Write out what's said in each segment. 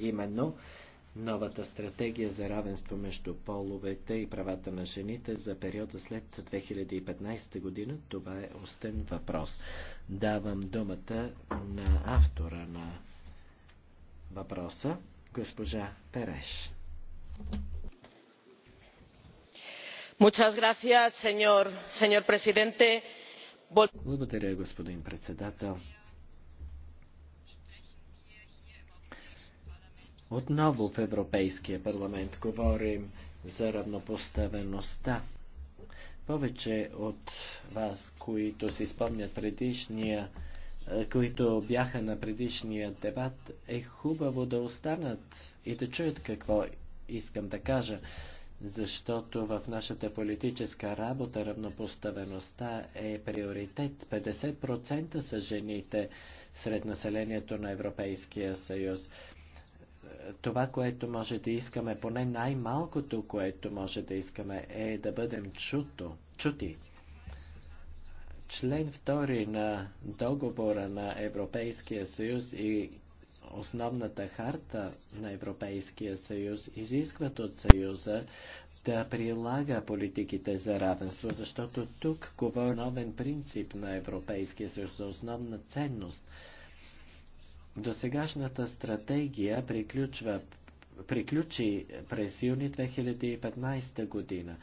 именно новата стратегия за равенство между половете и правата на жените за периода след 2015 година. Това е остен въпрос. Давам думата на автора на въпроса, госпожа Переш. Muchas gracias, señor, señor presidente. Благодаря, господин председател. Отново в Европейския парламент говорим за равнопоставеността. Повече от вас, които си спомнят предишния, е, които бяха на предишния дебат, е хубаво да останат и да чуят какво искам да кажа, защото в нашата политическа работа равнопоставеността е приоритет. 50% са жените сред населението на Европейския съюз това, което може да искаме, поне най-малкото, което може да искаме, е да бъдем чуто, чути. Член 2 на договора на Европейския съюз и основната харта на Европейския съюз изискват от съюза да прилага политиките за равенство, защото тук говори новен принцип на Европейския съюз за основна ценност – Досегашната стратегия приключва, приключи през юни 2015 година.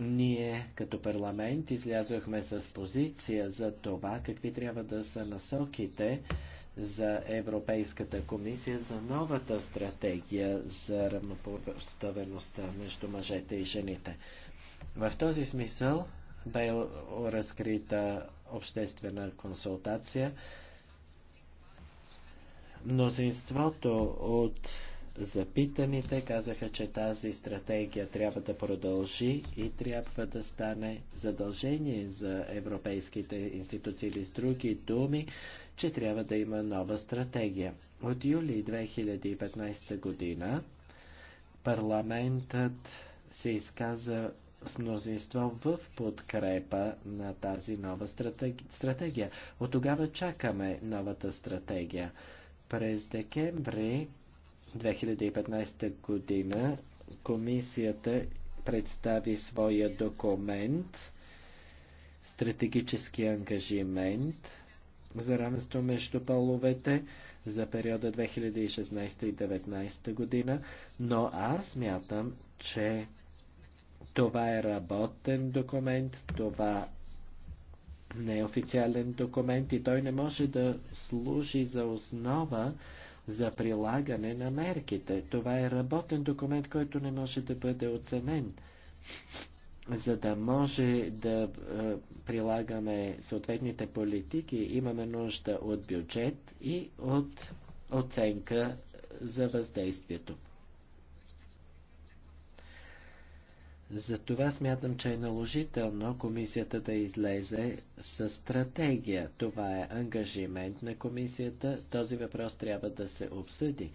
Ние като парламент излязохме с позиция за това какви трябва да са насоките за Европейската комисия за новата стратегия за равнопоставеността между мъжете и жените. В този смисъл бе разкрита обществена консултация Мнозинството от запитаните казаха, че тази стратегия трябва да продължи и трябва да стане задължение за европейските институции или с други думи, че трябва да има нова стратегия. От юли 2015 година парламентът се изказа с мнозинство в подкрепа на тази нова стратегия. От тогава чакаме новата стратегия. През декември 2015 година комисията представи своя документ Стратегически ангажимент за равенство между половете за периода 2016 и 2019 година, но аз мятам, че това е работен документ, това неофициален документ и той не може да служи за основа за прилагане на мерките. Това е работен документ, който не може да бъде оценен. За да може да е, прилагаме съответните политики, имаме нужда от бюджет и от оценка за въздействието. Затова смятам, че е наложително комисията да излезе с стратегия. Това е ангажимент на комисията. Този въпрос трябва да се обсъди.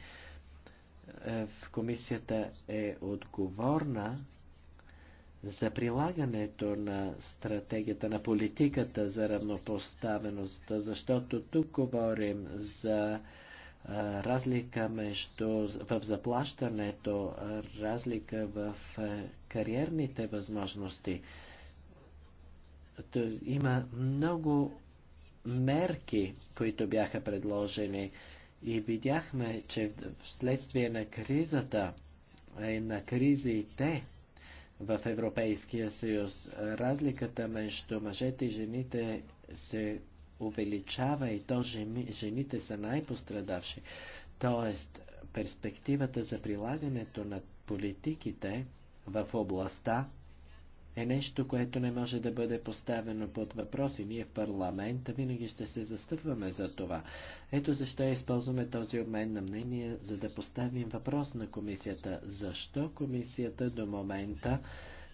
Е, комисията е отговорна за прилагането на стратегията, на политиката за равнопоставеност, защото тук говорим за е, разлика между в заплащането, разлика в е, кариерните възможности. То има много мерки, които бяха предложени и видяхме, че вследствие на кризата, е, на кризите в Европейския съюз, разликата между мъжете и жените се увеличава и то жените са най-пострадавши. Тоест, перспективата за прилагането на политиките в областта е нещо, което не може да бъде поставено под въпрос и ние в парламента винаги ще се застъпваме за това. Ето защо използваме този обмен на мнение, за да поставим въпрос на комисията. Защо комисията до момента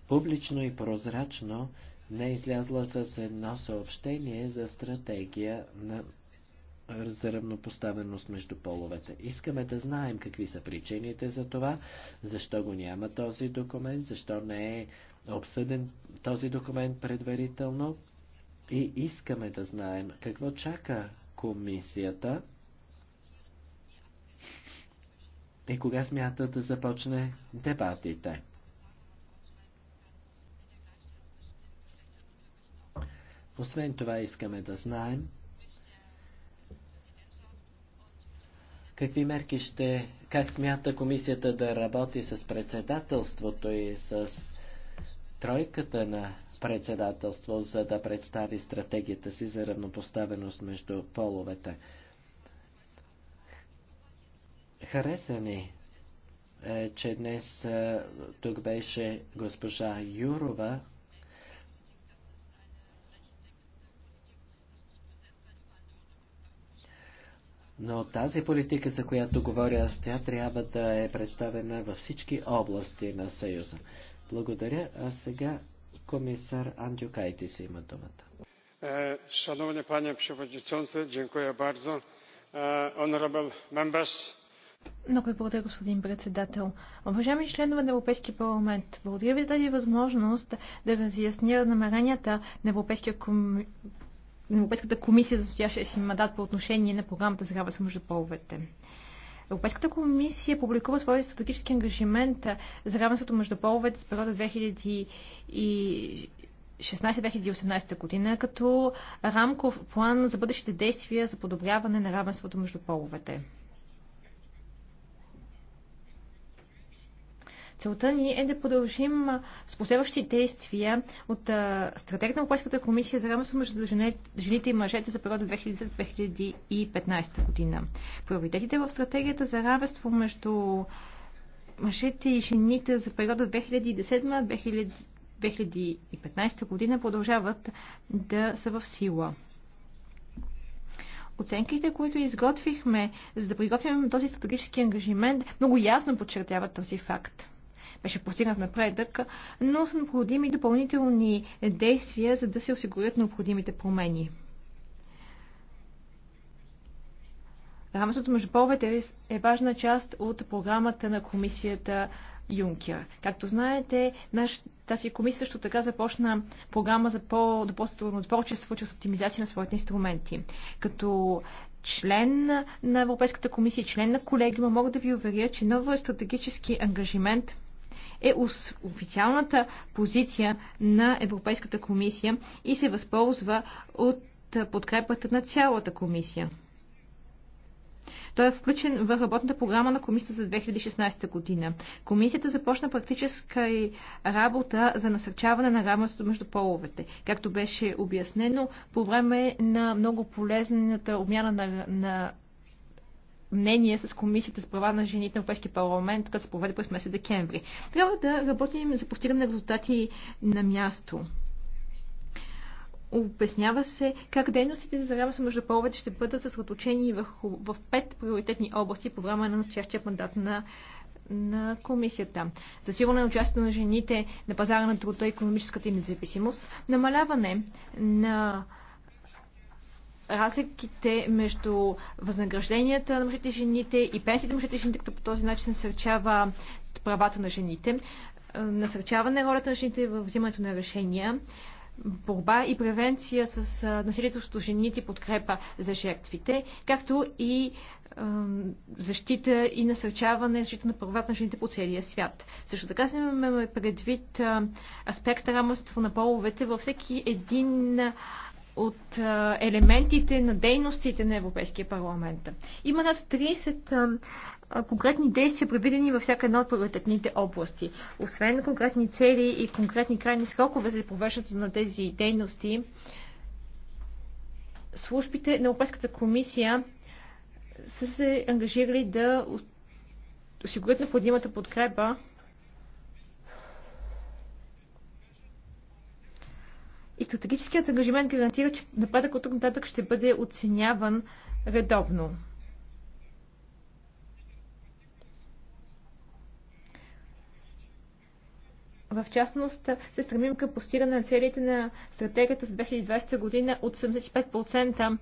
публично и прозрачно не е излязла с едно съобщение за стратегия на за равнопоставеност между половете. Искаме да знаем какви са причините за това, защо го няма този документ, защо не е обсъден този документ предварително и искаме да знаем какво чака комисията и кога смята да започне дебатите. Освен това искаме да знаем, Какви мерки ще, как смята комисията да работи с председателството и с тройката на председателство, за да представи стратегията си за равнопоставеност между половете? Хареса ни, е, че днес е, тук беше госпожа Юрова, Но тази политика, за която говоря аз, тя трябва да е представена във всички области на Съюза. Благодаря. А сега комисар Андюкайтис има думата. Е, шановни пани Przewodniczący, дякую bardzo. Е, honorable members, много ви благодаря, господин председател. Уважаеми членове на Европейския парламент, благодаря ви за тази възможност да разясня намеренията на Европейския Европейската комисия за стоящия си мандат по отношение на програмата за равенство между половете. Европейската комисия публикува своя стратегически ангажимент за равенството между половете с периода 2016-2018 година като рамков план за бъдещите действия за подобряване на равенството между половете. Целта ни е да продължим с последващи действия от стратегия на Европейската комисия за равенство между жените и мъжете за периода 2010-2015 година. Приоритетите в стратегията за равенство между мъжете и жените за периода 2010-2015 година продължават да са в сила. Оценките, които изготвихме, за да приготвим този стратегически ангажимент, много ясно подчертяват този факт беше постигнат напредък, но са необходими допълнителни действия, за да се осигурят необходимите промени. Равенството между половете е важна част от програмата на комисията Юнкер. Както знаете, наш, тази комисия също така започна програма за по-добросътрудно творчество чрез оптимизация на своите инструменти. Като член на Европейската комисия, член на колегиума, мога да ви уверя, че новият стратегически ангажимент е официалната позиция на Европейската комисия и се възползва от подкрепата на цялата комисия. Той е включен в работната програма на комисията за 2016 година. Комисията започна практическа работа за насърчаване на равенството между половете. Както беше обяснено, по време на много полезната обмяна на, на мнение с комисията с права на жените на Европейски парламент, като се проведе през месец декември. Трябва да работим за постигане на резултати на място. Обяснява се как дейностите за равенство между половете ще бъдат съсредоточени в, в пет приоритетни области по време на настоящия мандат на на комисията. Засилване на участието на жените на пазара на труда и економическата им независимост, намаляване на разликите между възнагражденията на мъжете и жените и пенсиите на мъжете и жените, като по този начин насърчава правата на жените, е, насърчаване ролята на жените в взимането на решения, борба и превенция с е, насилието жените, подкрепа за жертвите, както и е, защита и насърчаване защита на правата на жените по целия свят. Също така си имаме предвид аспекта рамъство на половете във всеки един от елементите на дейностите на Европейския парламент. Има над 30 конкретни действия, предвидени във всяка една от приоритетните области. Освен конкретни цели и конкретни крайни срокове за провеждането на тези дейности, службите на Европейската комисия са се ангажирали да осигурят необходимата подкрепа и стратегическият ангажимент гарантира, че напредък от тук нататък ще бъде оценяван редовно. В частност, се стремим към постигане на целите на стратегията с 2020 година от 75%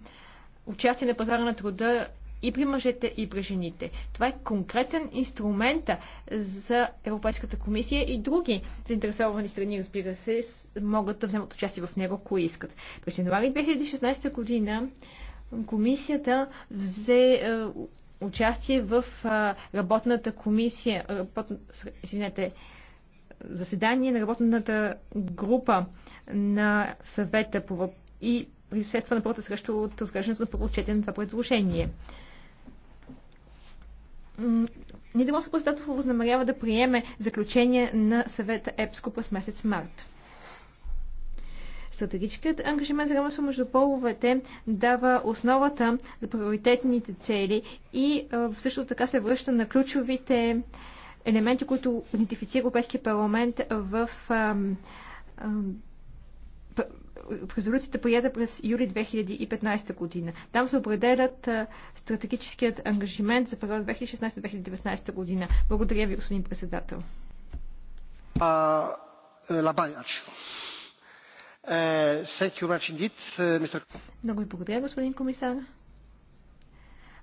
участие на пазара на труда и при мъжете, и при жените. Това е конкретен инструмент за Европейската комисия и други заинтересовани страни, разбира се, могат да вземат участие в него, ако искат. През януари 2016 година комисията взе е, участие в е, работната комисия, е, работ, извинете, заседание на работната група на съвета по и присъства на първата среща от разглеждането на първо четене това предложение. Нидерландско председателство възнамерява да приеме заключение на съвета ЕПСКО през месец март. Стратегическият ангажимент за равенство между половете дава основата за приоритетните цели и също така се връща на ключовите елементи, които идентифицира Европейския парламент в в резолюцията прията през юли 2015 година. Там се определят стратегическият ангажимент за период 2016-2019 година. Благодаря ви, господин председател. Е, е, е, Много ви благодаря, господин комисар.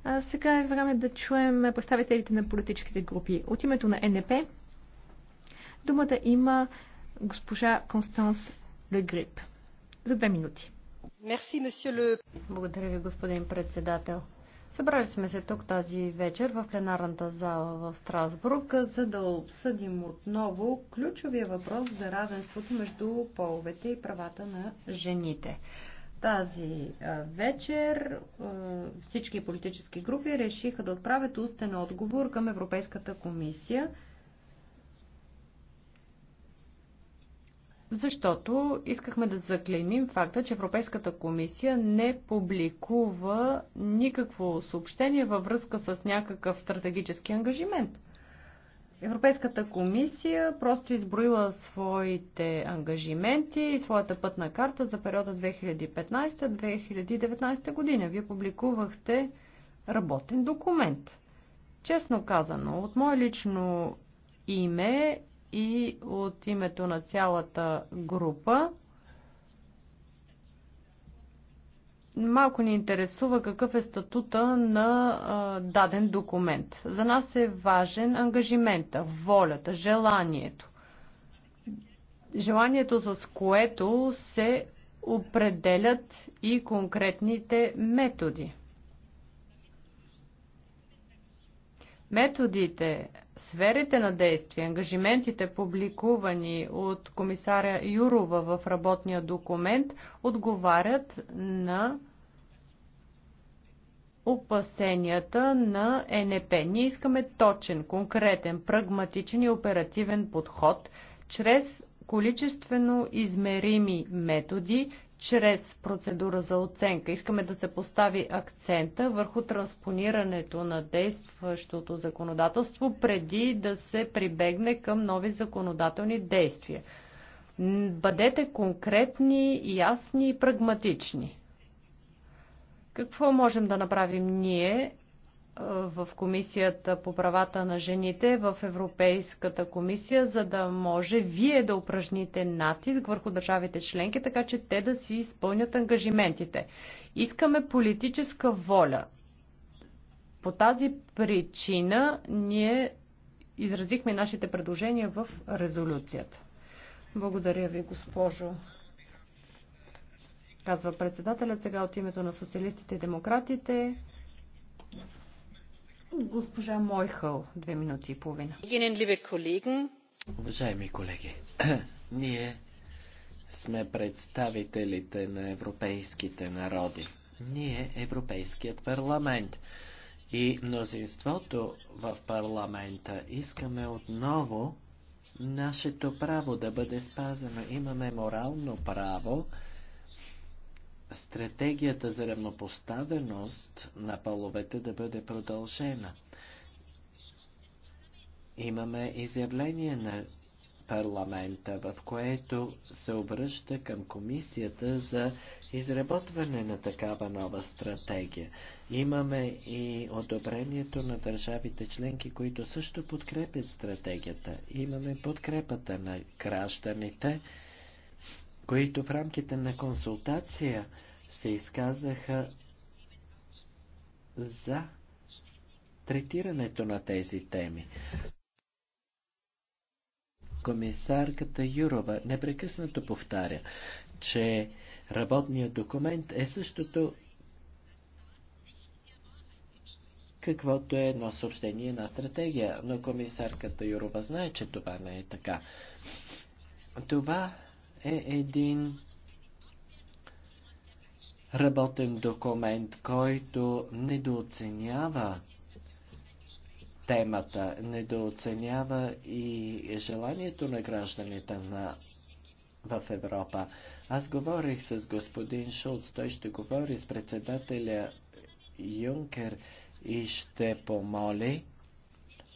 А сега е време да чуем представителите на политическите групи. От името на НП думата има госпожа Констанс Легрип за две минути. Благодаря ви, господин председател. Събрали сме се тук тази вечер в пленарната зала в Страсбург, за да обсъдим отново ключовия въпрос за равенството между половете и правата на жените. Тази вечер всички политически групи решиха да отправят устен отговор към Европейската комисия – защото искахме да заклеймим факта, че Европейската комисия не публикува никакво съобщение във връзка с някакъв стратегически ангажимент. Европейската комисия просто изброила своите ангажименти и своята пътна карта за периода 2015-2019 година. Вие публикувахте работен документ. Честно казано, от мое лично име и от името на цялата група. Малко ни интересува какъв е статута на а, даден документ. За нас е важен ангажимента, волята, желанието. Желанието, с което се определят и конкретните методи. Методите, Сферите на действие, ангажиментите, публикувани от комисаря Юрова в работния документ, отговарят на опасенията на ЕНП. Ние искаме точен, конкретен, прагматичен и оперативен подход чрез количествено измерими методи чрез процедура за оценка. Искаме да се постави акцента върху транспонирането на действащото законодателство преди да се прибегне към нови законодателни действия. Бъдете конкретни, ясни и прагматични. Какво можем да направим ние, в Комисията по правата на жените в Европейската комисия, за да може вие да упражните натиск върху държавите членки, така че те да си изпълнят ангажиментите. Искаме политическа воля. По тази причина ние изразихме нашите предложения в резолюцията. Благодаря ви, госпожо казва председателят сега от името на социалистите и демократите. Госпожа Мойхъл, две минути и половина. Уважаеми колеги, ние сме представителите на европейските народи. Ние, Европейският парламент и мнозинството в парламента, искаме отново нашето право да бъде спазено. Имаме морално право стратегията за равнопоставеност на половете да бъде продължена. Имаме изявление на парламента, в което се обръща към комисията за изработване на такава нова стратегия. Имаме и одобрението на държавите членки, които също подкрепят стратегията. Имаме подкрепата на гражданите, които в рамките на консултация се изказаха за третирането на тези теми. Комисарката Юрова непрекъснато повтаря, че работният документ е същото каквото е едно съобщение на стратегия, но комисарката Юрова знае, че това не е така. Това е един работен документ, който недооценява темата, недооценява и желанието на гражданите на, в Европа. Аз говорих с господин Шулц, той ще говори с председателя Юнкер и ще помоли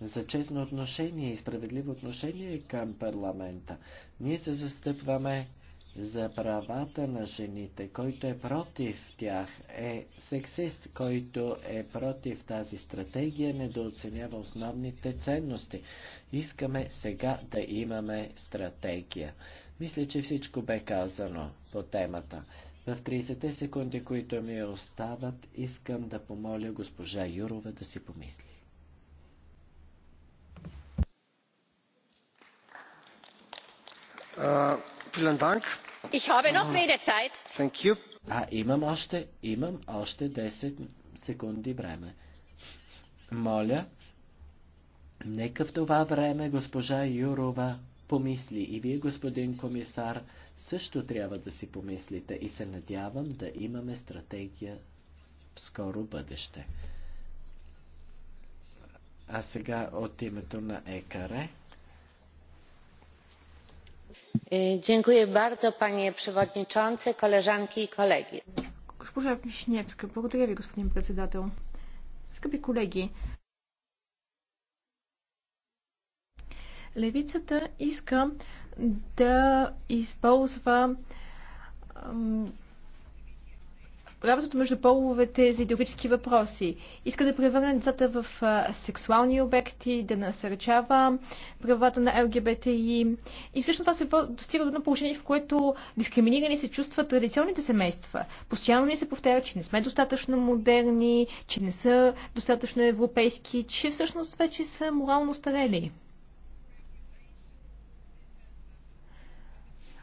за честно отношение и справедливо отношение към парламента. Ние се застъпваме за правата на жените, който е против тях, е сексист, който е против тази стратегия, недооценява основните ценности. Искаме сега да имаме стратегия. Мисля, че всичко бе казано по темата. В 30-те секунди, които ми остават, искам да помоля госпожа Юрова да си помисли. Ich habe noch Redezeit. Thank you. А, имам още, имам още 10 секунди време. Моля, нека в това време госпожа Юрова помисли и вие, господин комисар, също трябва да си помислите и се надявам да имаме стратегия в скоро бъдеще. А сега от името на ЕКАРЕ. E, Госпожа Вишневска, благодаря ви, господин председател. Скъпи колеги, левицата иска да използва Работата между половете за идеологически въпроси. Иска да превърне децата в сексуални обекти, да насърчава правата на ЛГБТИ. И всъщност това се достига до едно положение, в което дискриминирани се чувстват традиционните семейства. Постоянно ни се повтаря, че не сме достатъчно модерни, че не са достатъчно европейски, че всъщност вече са морално старели.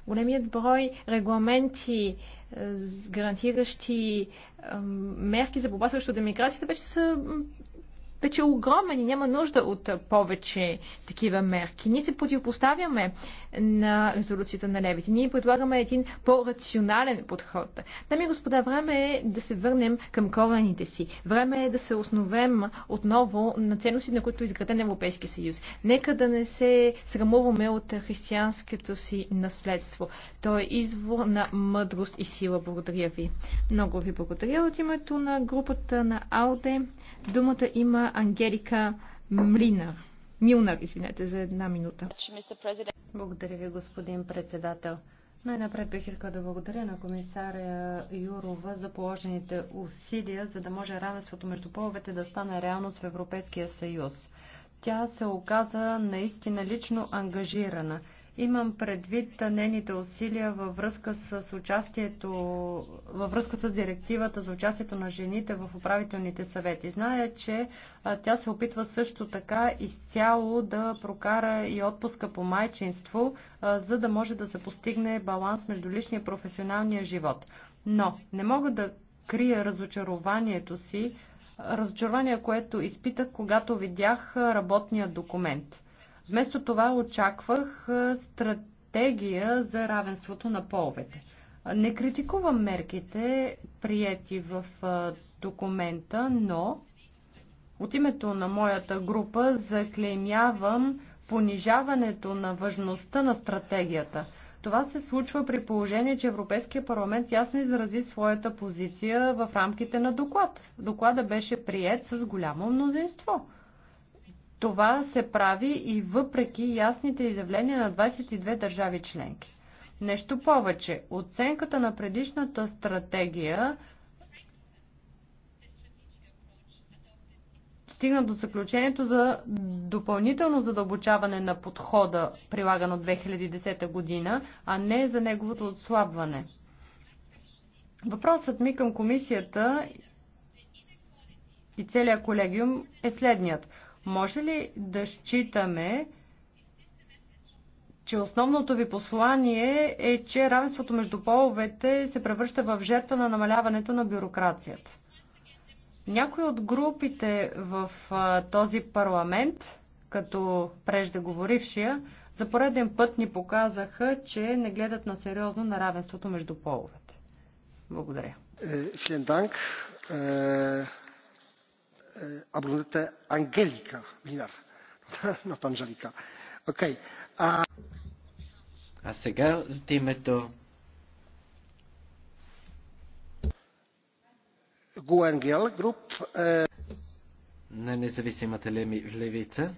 Големият брой регламенти, е, гарантиращи мерки за борба срещу демиграцията, вече са вече е огромен и няма нужда от повече такива мерки. Ние се противопоставяме на резолюцията на левите. Ние предлагаме един по-рационален подход. Дами и господа, време е да се върнем към корените си. Време е да се основем отново на ценности, на които е изграден Европейски съюз. Нека да не се срамуваме от християнското си наследство. То е извор на мъдрост и сила. Благодаря ви. Много ви благодаря от името на групата на Ауде. Думата има Ангелика Млинар. Милнар, извинете, за една минута. Благодаря ви, господин председател. Най-напред бих искала да благодаря на комисаря Юрова за положените усилия, за да може равенството между половете да стане реалност в Европейския съюз. Тя се оказа наистина лично ангажирана. Имам предвид нейните усилия във връзка с участието, във връзка с директивата за участието на жените в управителните съвети. Зная, че тя се опитва също така изцяло да прокара и отпуска по майчинство, за да може да се постигне баланс между личния и професионалния живот. Но не мога да крия разочарованието си, разочарование, което изпитах, когато видях работния документ – Вместо това очаквах стратегия за равенството на половете. Не критикувам мерките, приети в документа, но от името на моята група заклеймявам понижаването на важността на стратегията. Това се случва при положение, че Европейския парламент ясно изрази своята позиция в рамките на доклад. Доклада беше прият с голямо мнозинство. Това се прави и въпреки ясните изявления на 22 държави членки. Нещо повече, оценката на предишната стратегия стигна до заключението за допълнително задълбочаване на подхода, прилаган от 2010 година, а не за неговото отслабване. Въпросът ми към комисията и целият колегиум е следният. Може ли да считаме, че основното ви послание е, че равенството между половете се превръща в жертва на намаляването на бюрокрацията? Някои от групите в този парламент, като преждеговорившия, за пореден път ни показаха, че не гледат на сериозно на равенството между половете. Благодаря. Е, а сега от името на независимата левица,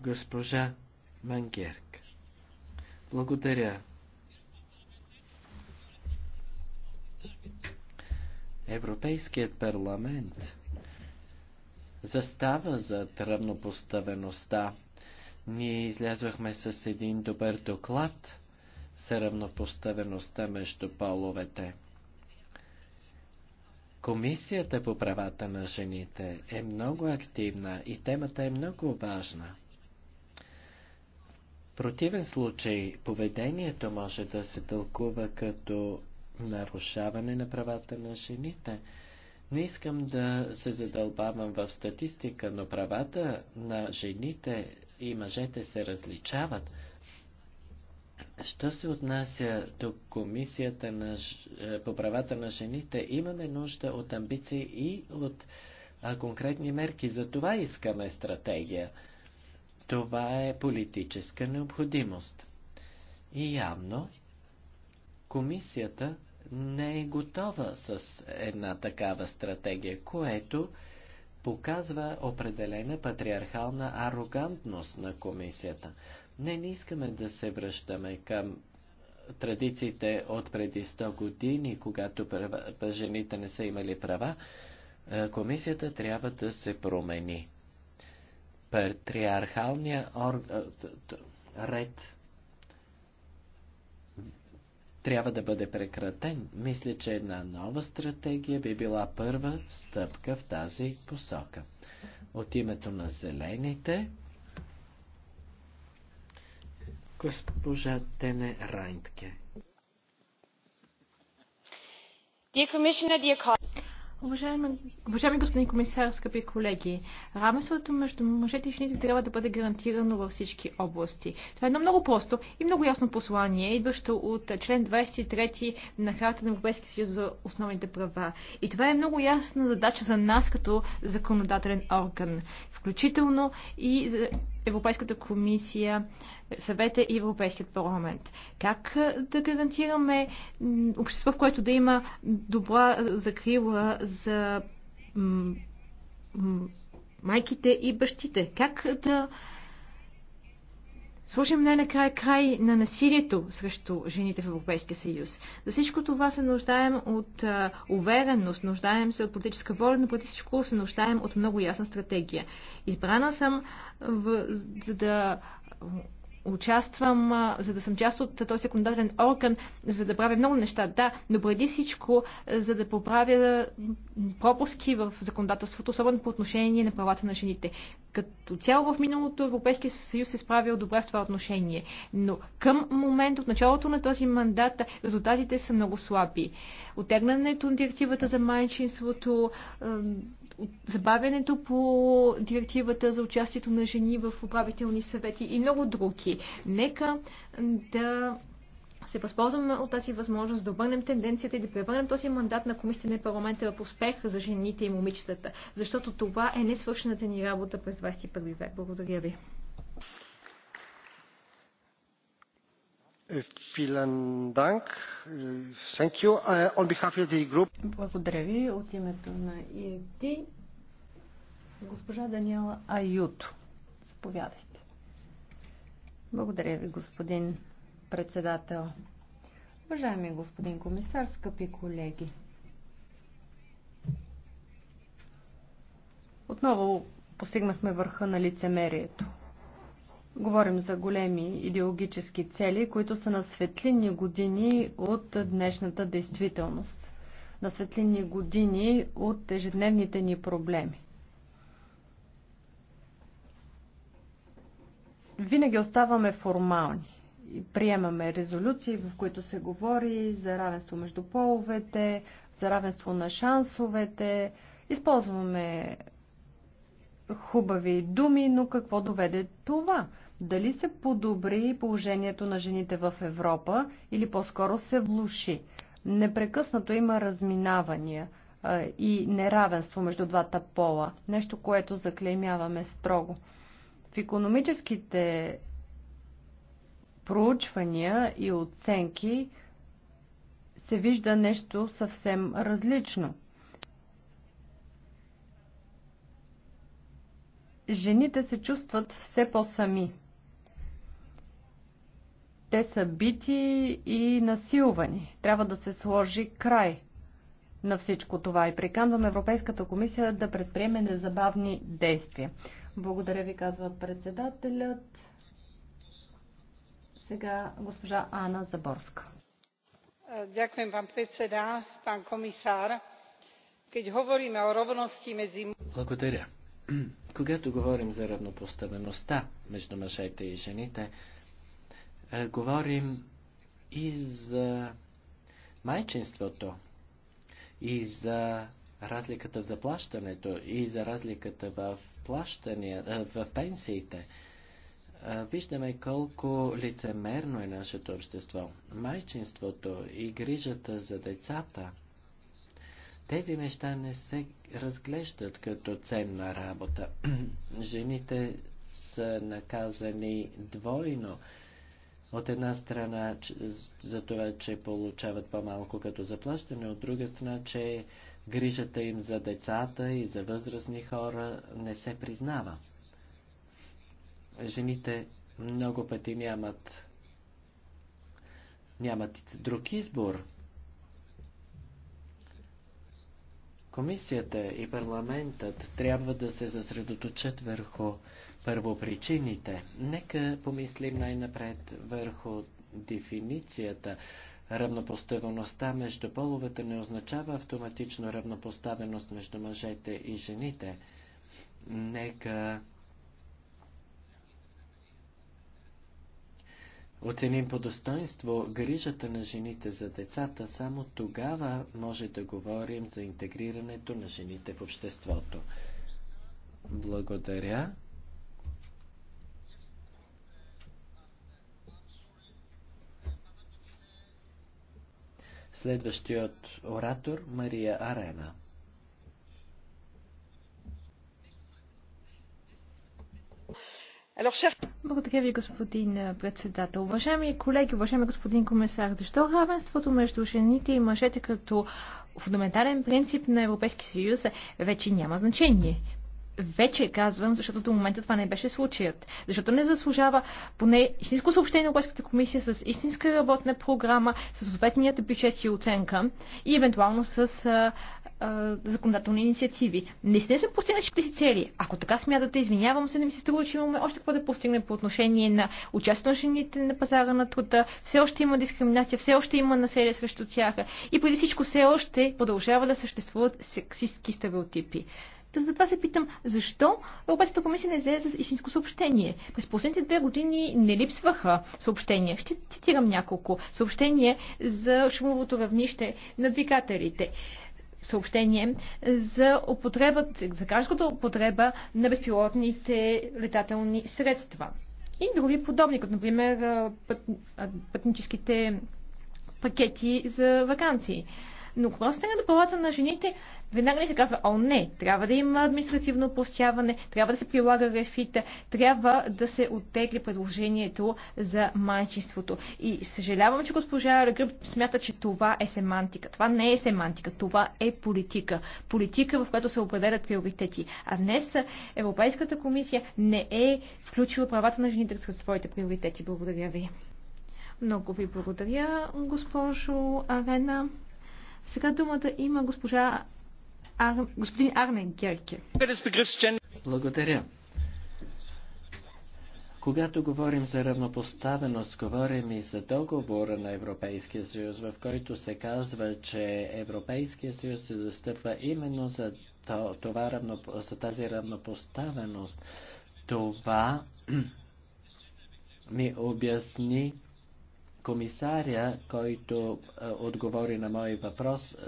госпожа Мангерк. Благодаря. Европейският парламент застава за равнопоставеността. Ние излязохме с един добър доклад за равнопоставеността между половете. Комисията по правата на жените е много активна и темата е много важна. В противен случай поведението може да се тълкува като нарушаване на правата на жените. Не искам да се задълбавам в статистика, но правата на жените и мъжете се различават. Що се отнася до комисията на, е, по правата на жените, имаме нужда от амбиции и от а, конкретни мерки. За това искаме стратегия. Това е политическа необходимост. И явно комисията не е готова с една такава стратегия, което показва определена патриархална арогантност на комисията. Не, не искаме да се връщаме към традициите от преди 100 години, когато права, жените не са имали права, е, комисията трябва да се промени. Патриархалният е, ред трябва да бъде прекратен. Мисля, че една нова стратегия би била първа стъпка в тази посока. От името на зелените, госпожа Тене Райнтке. Dear Commissioner, dear Уважаеми, уважаеми господин комисар, скъпи колеги, равенството между мъжете и жените трябва да бъде гарантирано във всички области. Това е едно много просто и много ясно послание, идващо от член 23 на Харта на Европейския съюз за основните права. И това е много ясна задача за нас като законодателен орган, включително и за Европейската комисия, съвета и Европейският парламент. Как да гарантираме общество, в което да има добра закрила за майките и бащите? Как да сложим най-накрая край на насилието срещу жените в Европейския съюз. За всичко това се нуждаем от а, увереност, нуждаем се от политическа воля, но преди всичко се нуждаем от много ясна стратегия. Избрана съм в, за да участвам, за да съм част от този законодателен орган, за да правя много неща, да, но преди всичко, за да поправя пропуски в законодателството, особено по отношение на правата на жените. Като цяло в миналото Европейския съюз се е справил добре в това отношение, но към момент от началото на този мандат, резултатите са много слаби. Отегнането на директивата за майчинството, забавянето по директивата за участието на жени в управителни съвети и много други. Нека да се възползваме от тази възможност да обърнем тенденцията и да превърнем този мандат на комисията на парламента в успех за жените и момичетата, защото това е несвършената ни работа през 21 век. Благодаря ви. Е, е, е, Благодаря ви от името на EFD. Госпожа Даниела Аюто, заповядайте. Благодаря ви, господин председател. Уважаеми господин комисар, скъпи колеги. Отново постигнахме върха на лицемерието. Говорим за големи идеологически цели, които са на светлинни години от днешната действителност, на светлинни години от ежедневните ни проблеми. Винаги оставаме формални и приемаме резолюции, в които се говори за равенство между половете, за равенство на шансовете. Използваме хубави думи, но какво доведе това? Дали се подобри положението на жените в Европа или по-скоро се влуши? Непрекъснато има разминавания и неравенство между двата пола. Нещо, което заклеймяваме строго. В економическите проучвания и оценки се вижда нещо съвсем различно. Жените се чувстват все по-сами. Те са бити и насилвани. Трябва да се сложи край на всичко това и приканвам Европейската комисия да предприеме незабавни действия. Благодаря ви, казва председателят. Сега госпожа Ана Заборска. Ďakujem, pán председа, пан комисар. Keď говорим о ровности мези... Благодаря. Когато говорим за равнопоставеността между мъжете и жените, е, говорим и за майчинството, и за разликата в заплащането, и за разликата в плащания, е, в пенсиите. Е, виждаме колко лицемерно е нашето общество. Майчинството и грижата за децата. Тези неща не се разглеждат като ценна работа. Жените са наказани двойно. От една страна че, за това, че получават по-малко като заплащане, от друга страна, че грижата им за децата и за възрастни хора не се признава. Жените много пъти нямат, нямат друг избор. Комисията и парламентът трябва да се съсредоточат върху първопричините. Нека помислим най-напред върху дефиницията. Равнопоставеността между половете не означава автоматично равнопоставеност между мъжете и жените. Нека оценим по достоинство грижата на жените за децата, само тогава може да говорим за интегрирането на жените в обществото. Благодаря. Следващият оратор Мария Арена. Благодаря ви, господин председател. Уважаеми колеги, уважаеми господин комисар, защо равенството между жените и мъжете като фундаментален принцип на Европейския съюз е- вече няма значение? вече казвам, защото до момента това не беше случаят. Защото не заслужава поне истинско съобщение на Европейската комисия с истинска работна програма, с съответният бюджет и оценка и евентуално с а, а, законодателни инициативи. Не сте сме постигнали всички си цели. Ако така смятате, извинявам се, не ми се струва, че имаме още какво да постигнем по отношение на участието на жените на пазара на труда. Все още има дискриминация, все още има насилие срещу тях и преди всичко все още продължава да съществуват сексистки стереотипи. Та затова се питам, защо Европейската комисия не излезе с истинско съобщение? През последните две години не липсваха съобщения. Ще цитирам няколко. Съобщение за шумовото равнище на двигателите съобщение за употреба, за гражданската употреба на безпилотните летателни средства. И други подобни, като например път, пътническите пакети за вакансии. Но когато стигна до правата на жените, веднага ли се казва, о не, трябва да има административно опростяване, трябва да се прилага рефита, трябва да се оттегли предложението за майчинството. И съжалявам, че госпожа Ръгръб смята, че това е семантика. Това не е семантика, това е политика. Политика, в която се определят приоритети. А днес Европейската комисия не е включила правата на жените с своите приоритети. Благодаря ви. Много ви благодаря, госпожо Арена. Сега думата има госпожа Ар... господин Армен Герке. Благодаря. Когато говорим за равнопоставеност, говорим и за договора на Европейския съюз, в който се казва, че Европейския съюз се застъпва именно за, това равно, за тази равнопоставеност. Това ми обясни комисаря, който а, отговори на мой въпрос а,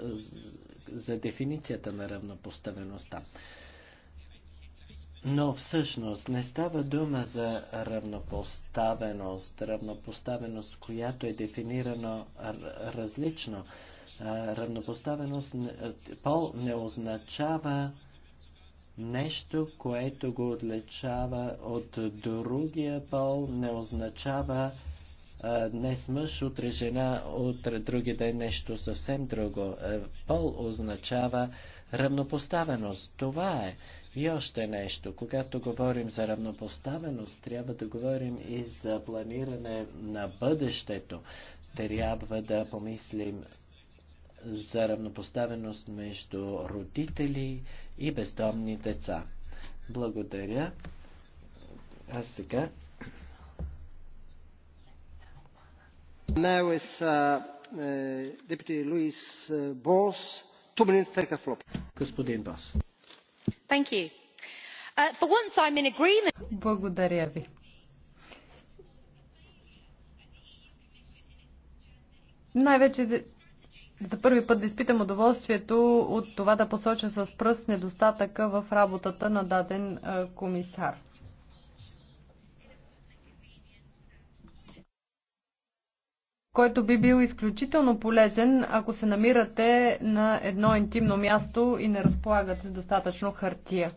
за дефиницията на равнопоставеността. Но всъщност не става дума за равнопоставеност, равнопоставеност, която е дефинирана различно. А, равнопоставеност, пол не означава нещо, което го отличава от другия пол, не означава днес мъж, утре жена, утре други ден нещо съвсем друго. Е, пол означава равнопоставеност. Това е. И още нещо. Когато говорим за равнопоставеност, трябва да говорим и за планиране на бъдещето. Трябва да помислим за равнопоставеност между родители и бездомни деца. Благодаря. А сега Uh, uh, uh, Благодаря ви. Най-вече за първи път да изпитам удоволствието от това да посоча с пръст недостатъка в работата на даден комисар. който би бил изключително полезен, ако се намирате на едно интимно място и не разполагате с достатъчно хартия.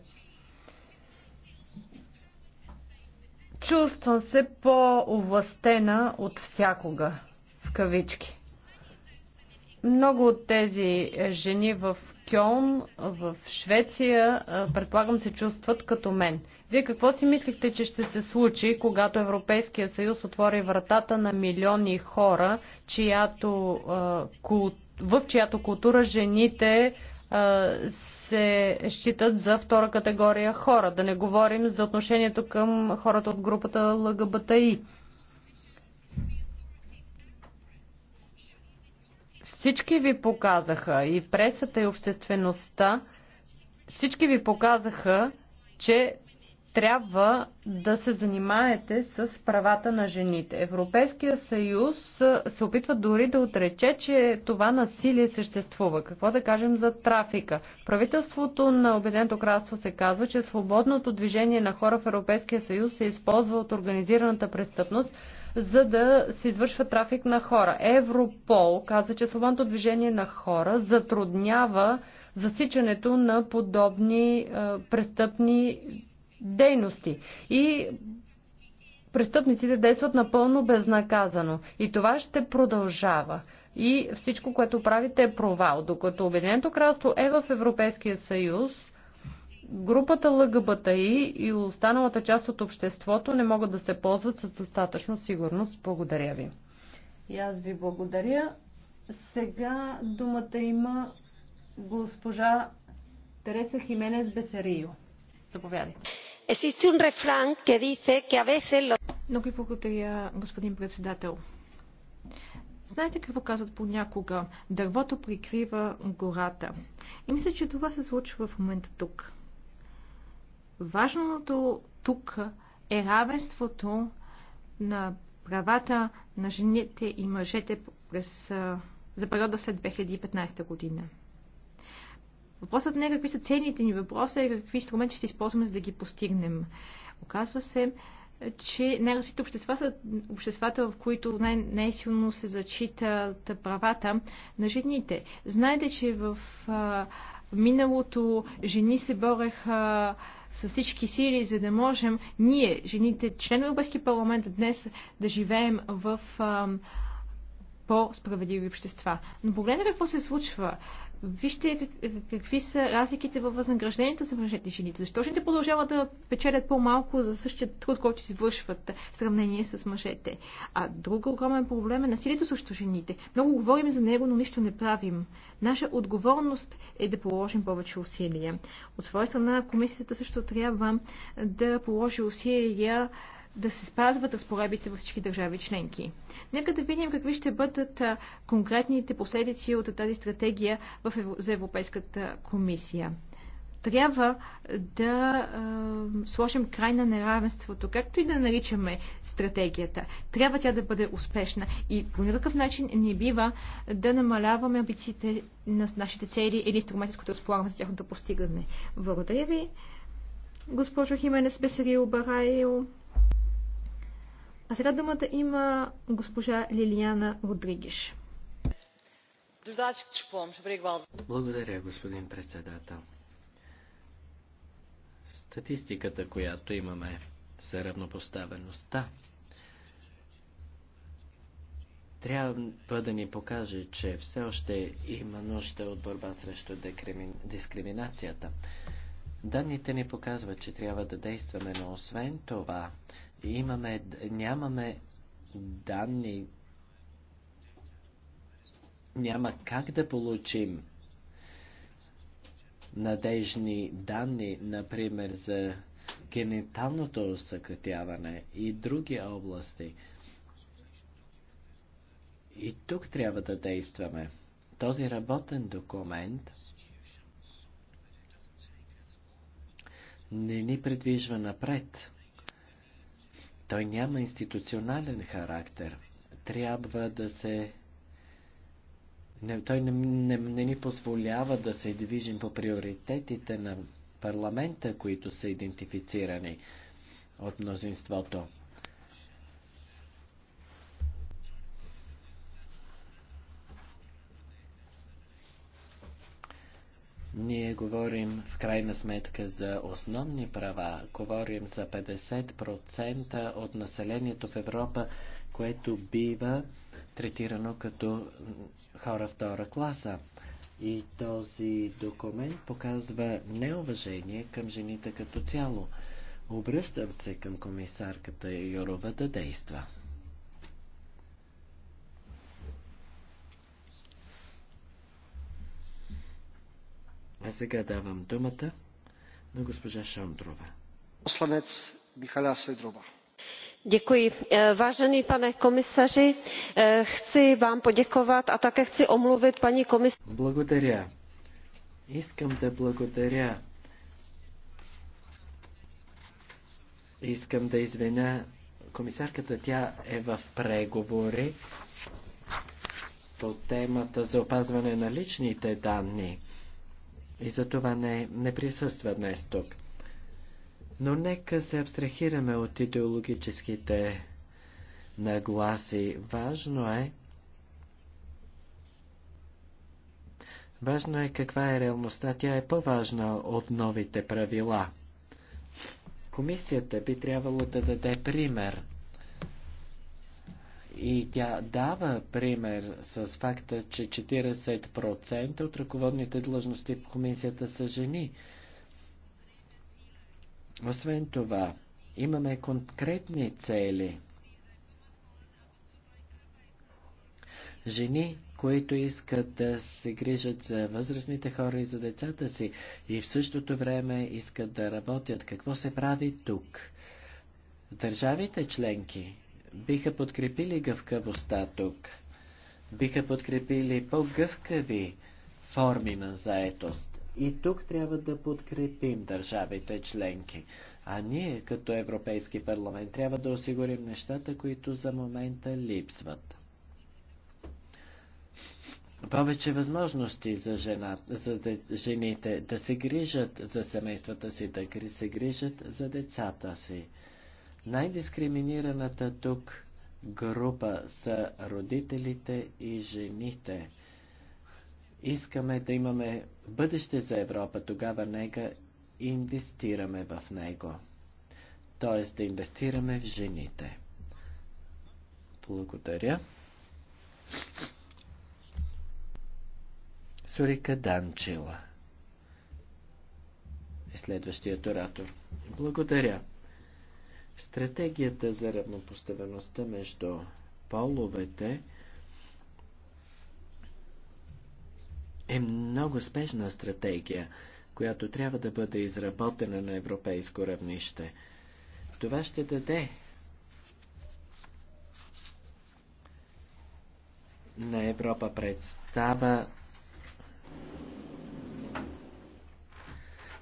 Чувствам се по-овластена от всякога, в кавички. Много от тези жени в Кьон, в Швеция, предполагам се чувстват като мен. Вие какво си мислихте, че ще се случи, когато Европейския съюз отвори вратата на милиони хора, чиято, в чиято култура жените се считат за втора категория хора? Да не говорим за отношението към хората от групата ЛГБТИ. Всички ви показаха, и пресата, и обществеността, всички ви показаха, че трябва да се занимаете с правата на жените. Европейския съюз се опитва дори да отрече, че това насилие съществува. Какво да кажем за трафика? Правителството на Обединеното кралство се казва, че свободното движение на хора в Европейския съюз се използва от организираната престъпност, за да се извършва трафик на хора. Европол каза, че свободното движение на хора затруднява засичането на подобни е, престъпни дейности. И престъпниците действат напълно безнаказано. И това ще продължава. И всичко, което правите е провал. Докато Обединеното кралство е в Европейския съюз, групата ЛГБТИ и останалата част от обществото не могат да се ползват с достатъчно сигурност. Благодаря ви. И аз ви благодаря. Сега думата има госпожа Тереса Хименес Бесерио. Заповядайте. Existe un refrán que dice que a veces los... Много ви благодаря, господин председател. Знаете какво казват понякога? Дървото прикрива гората. И мисля, че това се случва в момента тук. Важното тук е равенството на правата на жените и мъжете през, за периода след 2015 година. Въпросът не е какви са целите ни, въпросът е какви инструменти ще използваме, за да ги постигнем. Оказва се, че най-развитите общества са обществата, в които най-силно най се зачитат правата на жените. Знаете, че в а, миналото жени се бореха с всички сили, за да можем ние, жените, член на Европейския парламент, днес да живеем в а, по-справедливи общества. Но погледнете какво се случва. Вижте какви са разликите във възнагражденията за мъжете и жените. Защо жените продължават да печелят по-малко за същия труд, който си извършват в сравнение с мъжете? А друг огромен проблем е насилието срещу жените. Много говорим за него, но нищо не правим. Наша отговорност е да положим повече усилия. От своя страна комисията също трябва да положи усилия да се спазват разпоредбите във всички държави членки. Нека да видим какви ще бъдат конкретните последици от тази стратегия за Европейската комисия трябва да е, сложим край на неравенството, както и да наричаме стратегията. Трябва тя да бъде успешна и по никакъв начин не бива да намаляваме амбициите на нашите цели или инструменти, с за тяхното постигане. Благодаря ви, госпожо Хименес Бесерил Барайо. А сега думата има госпожа Лилияна Родригиш. Благодаря, господин председател. Статистиката, която имаме за равнопоставеността, трябва да ни покаже, че все още има нужда от борба срещу дискриминацията. Данните ни показват, че трябва да действаме, но освен това имаме, нямаме данни, няма как да получим надежни данни, например за гениталното усъкътяване и други области. И тук трябва да действаме. Този работен документ не ни предвижва напред. Той няма институционален характер. Трябва да се не, той не, не, не ни позволява да се движим по приоритетите на парламента, които са идентифицирани от мнозинството. Ние говорим в крайна сметка за основни права. Говорим за 50% от населението в Европа, което бива третирано като хора втора класа. И този документ показва неуважение към жените като цяло. Обръщам се към комисарката Йорова да действа. А сега давам думата на госпожа Шандрова. Посланец Михаля Седрова. Děkuji. Е, vážený pane komisaři, е, chci vám poděkovat a také chci omluvit paní komisaři. Благодаря. Искам да благодаря. Искам да извиня комисарката. Тя е в преговори по темата за опазване на личните данни и това не, не присъства днес тук. Но нека се абстрахираме от идеологическите нагласи. Важно е, важно е каква е реалността. Тя е по-важна от новите правила. Комисията би трябвало да даде пример и тя дава пример с факта, че 40% от ръководните длъжности в комисията са жени. Освен това, имаме конкретни цели. Жени, които искат да се грижат за възрастните хора и за децата си, и в същото време искат да работят. Какво се прави тук? Държавите членки биха подкрепили гъвкавостта тук, биха подкрепили по-гъвкави форми на заетост. И тук трябва да подкрепим държавите членки. А ние, като Европейски парламент, трябва да осигурим нещата, които за момента липсват. Повече възможности за, жена, за де, жените да се грижат за семействата си, да се грижат за децата си. Най-дискриминираната тук група са родителите и жените. Искаме да имаме бъдеще за Европа, тогава нека инвестираме в него. Тоест да инвестираме в жените. Благодаря. Сурика Данчила е следващият оратор. Благодаря. Стратегията за равнопоставеността между половете е много спешна стратегия, която трябва да бъде изработена на европейско равнище. Това ще даде на Европа представа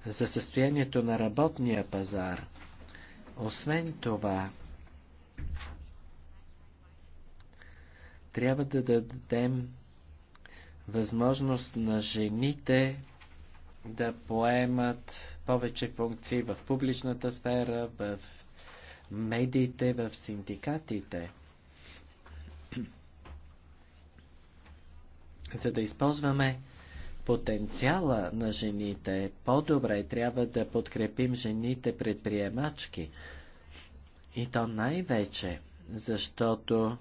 за състоянието на работния пазар освен това, трябва да дадем възможност на жените да поемат повече функции в публичната сфера, в медиите, в синдикатите. За да използваме потенциала на жените. По-добре трябва да подкрепим жените предприемачки. И то най-вече, защото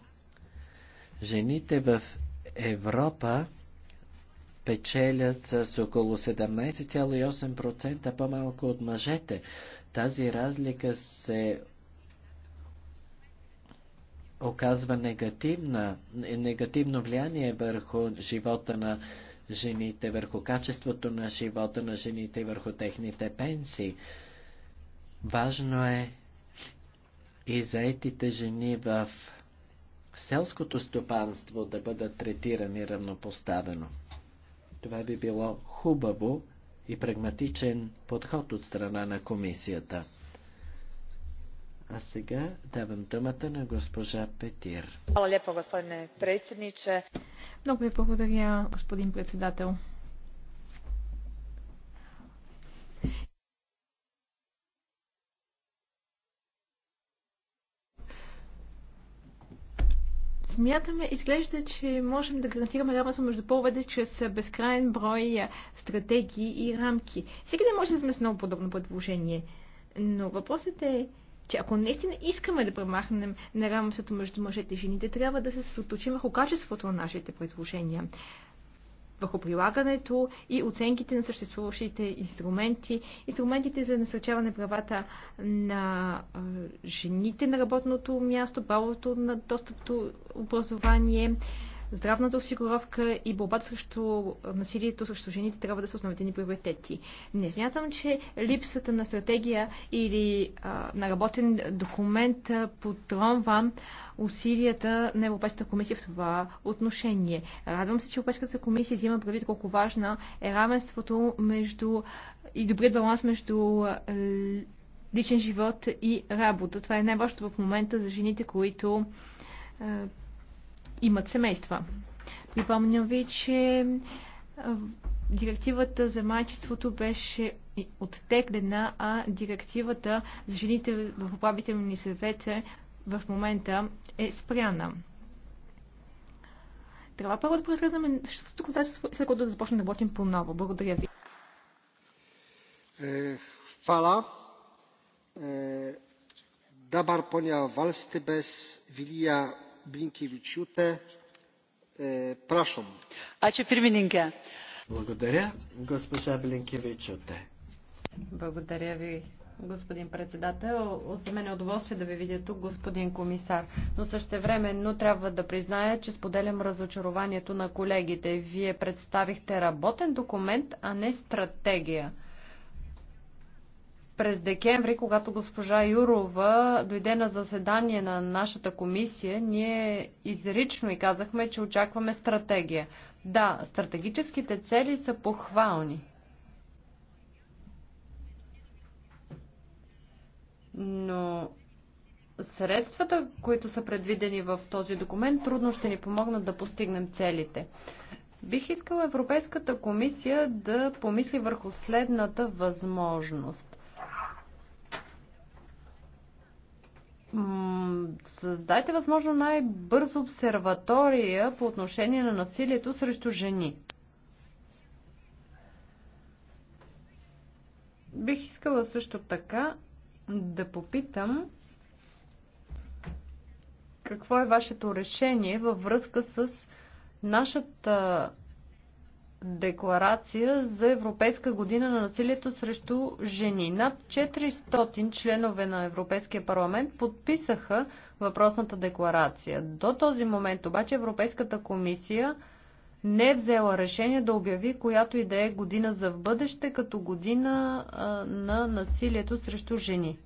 жените в Европа печелят с около 17,8% по-малко от мъжете. Тази разлика се оказва негативна, е, негативно влияние върху живота на жените, върху качеството на живота на жените и върху техните пенсии. Важно е и заетите жени в селското стопанство да бъдат третирани равнопоставено. Това би било хубаво и прагматичен подход от страна на комисията. А сега давам думата на госпожа Петир. Hvala lijepo, gospodine predsjedniče. Много ви благодаря, господин председател. смятаме, изглежда, че можем да гарантираме равенство между половете чрез безкрайен брой стратегии и рамки. Всеки не може да сме с много подобно предложение. Но въпросът е че ако наистина искаме да премахнем неравенството между мъжете и жените, трябва да се съсредоточим върху качеството на нашите предложения върху прилагането и оценките на съществуващите инструменти, инструментите за насърчаване правата на жените на работното място, правото на достъп до образование, здравната осигуровка и борбата срещу насилието срещу жените трябва да са основните ни приоритети. Не смятам, че липсата на стратегия или а, на работен документ потронва усилията на Европейската комисия в това отношение. Радвам се, че Европейската комисия взима правит колко важна е равенството между и добрият баланс между личен живот и работа. Това е най-важното в момента за жените, които имат семейства. Припомням ви, че директивата за майчеството беше оттеглена, а директивата за жените в управителни съвете в момента е спряна. Трябва първо да преразгледаме същото законодателство след което да започнем да работим по-ново. Благодаря ви. Фала. Е, е, Дабар поня Валстебес, Вилия е, Благодаря, госпожа Блинкевичуте. Благодаря ви, господин председател. За мен е удоволствие да ви видя тук, господин комисар. Но но трябва да призная, че споделям разочарованието на колегите. Вие представихте работен документ, а не стратегия през декември, когато госпожа Юрова дойде на заседание на нашата комисия, ние изрично и казахме, че очакваме стратегия. Да, стратегическите цели са похвални. Но средствата, които са предвидени в този документ, трудно ще ни помогнат да постигнем целите. Бих искала Европейската комисия да помисли върху следната възможност създайте възможно най-бързо обсерватория по отношение на насилието срещу жени. Бих искала също така да попитам какво е вашето решение във връзка с нашата декларация за Европейска година на насилието срещу жени. Над 400 членове на Европейския парламент подписаха въпросната декларация. До този момент обаче Европейската комисия не е взела решение да обяви която и да е година за в бъдеще като година а, на насилието срещу жени.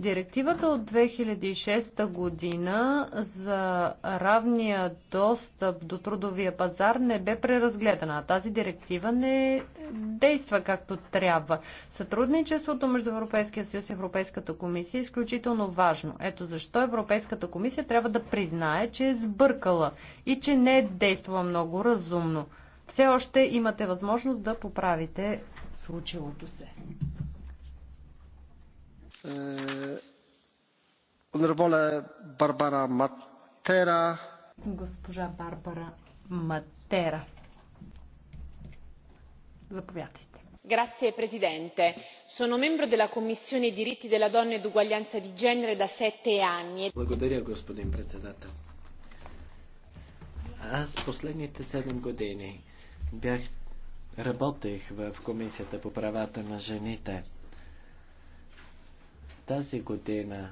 Директивата от 2006 година за равния достъп до трудовия пазар не бе преразгледана. Тази директива не действа както трябва. Сътрудничеството между Европейския съюз и Европейската комисия е изключително важно. Ето защо Европейската комисия трябва да признае, че е сбъркала и че не е действала много разумно. Все още имате възможност да поправите случилото се. Honorable е, Барбара Матера. Госпожа Барбара Матера. Заповядайте. Grazie Presidente, sono membro della Commissione diritti della donna ed uguaglianza di genere da sette anni. Благодаря, господин председател. Аз последните седем години бях работех в Комисията по правата на жените. Тази година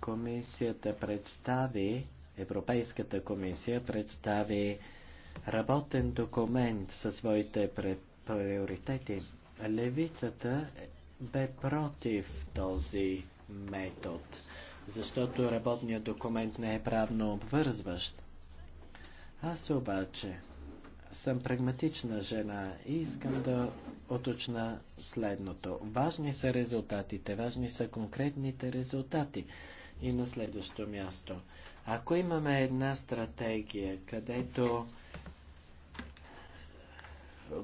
комисията представи, Европейската комисия представи работен документ със своите приоритети. Левицата бе против този метод, защото работният документ не е правно обвързващ. Аз обаче съм прагматична жена и искам да оточна следното. Важни са резултатите, важни са конкретните резултати. И на следващо място. Ако имаме една стратегия, където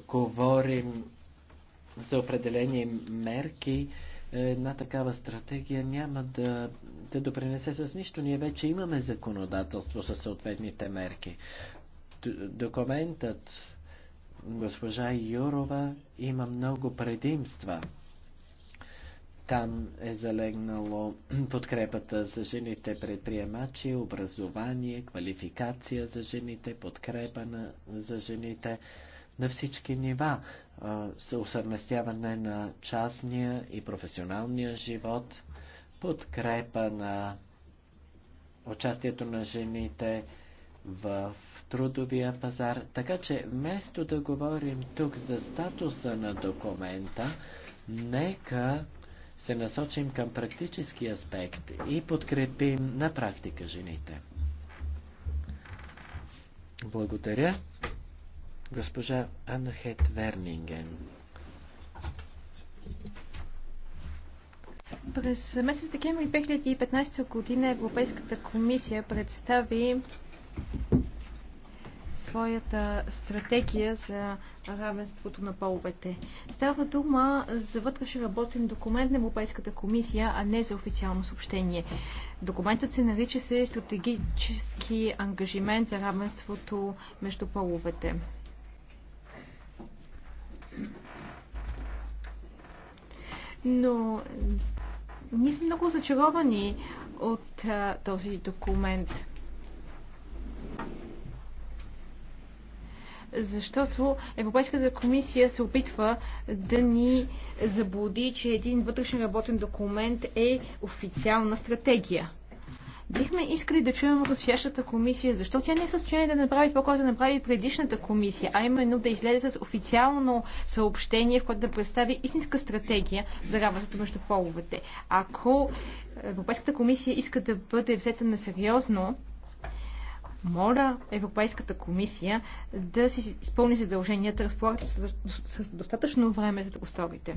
говорим за определени мерки, една такава стратегия няма да, да допринесе с нищо. Ние вече имаме законодателство със съответните мерки документът госпожа Юрова има много предимства. Там е залегнало подкрепата за жените предприемачи, образование, квалификация за жените, подкрепа на, за жените на всички нива, съвместяване на частния и професионалния живот, подкрепа на участието на жените в трудовия пазар. Така че вместо да говорим тук за статуса на документа, нека се насочим към практически аспект и подкрепим на практика жените. Благодаря, госпожа Анахет Вернинген. През месец декември 2015 година Европейската комисия представи своята стратегия за равенството на половете. Става дума за вътрешен работен документ на Европейската комисия, а не за официално съобщение. Документът се нарича се стратегически ангажимент за равенството между половете. Но ние сме много зачаровани от а, този документ. защото Европейската комисия се опитва да ни заблуди, че един вътрешен работен документ е официална стратегия. Бихме искали да чуем от комисия, защо тя не е в състояние да направи това, което направи предишната комисия, а именно да излезе с официално съобщение, в което да представи истинска стратегия за работата между половете. Ако Европейската комисия иска да бъде взета на сериозно, моля Европейската комисия да си изпълни задълженията, разполагате с достатъчно време, за да го сторите.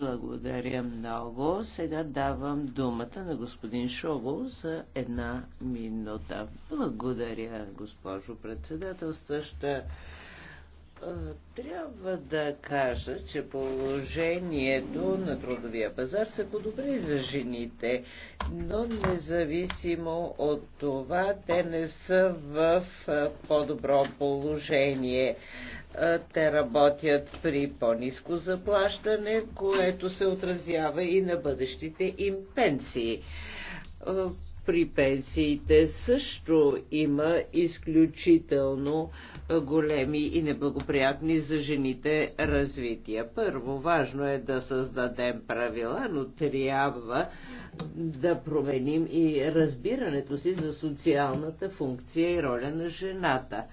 Благодаря много. Сега давам думата на господин Шово за една минута. Благодаря, госпожо председателстваща. Трябва да кажа, че положението на трудовия пазар се подобри за жените, но независимо от това те не са в по-добро положение. Те работят при по-низко заплащане, което се отразява и на бъдещите им пенсии при пенсиите също има изключително големи и неблагоприятни за жените развития. Първо, важно е да създадем правила, но трябва да променим и разбирането си за социалната функция и роля на жената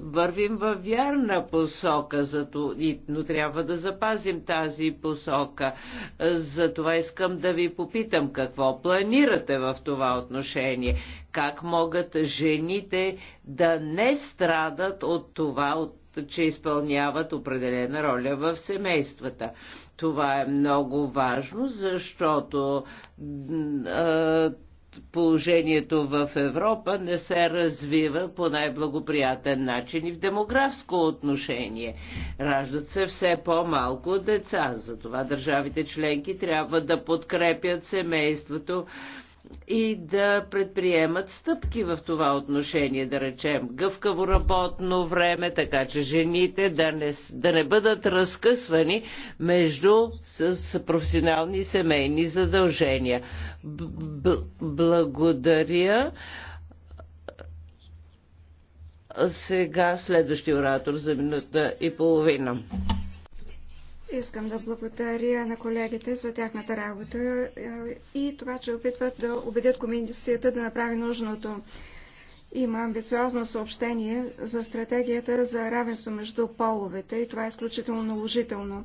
вървим във вярна посока, зато, но трябва да запазим тази посока. Затова искам да ви попитам какво планирате в това отношение. Как могат жените да не страдат от това, от че изпълняват определена роля в семействата. Това е много важно, защото положението в Европа не се развива по най-благоприятен начин и в демографско отношение. Раждат се все по-малко деца, затова държавите членки трябва да подкрепят семейството и да предприемат стъпки в това отношение, да речем гъвкаво работно време, така че жените да не, да не бъдат разкъсвани между с, професионални и семейни задължения. Б- благодаря. Сега следващия оратор за минута и половина. Искам да благодаря на колегите за тяхната работа е, и това, че опитват да убедят комисията да направи нужното. Има амбициозно съобщение за стратегията за равенство между половете и това е изключително наложително.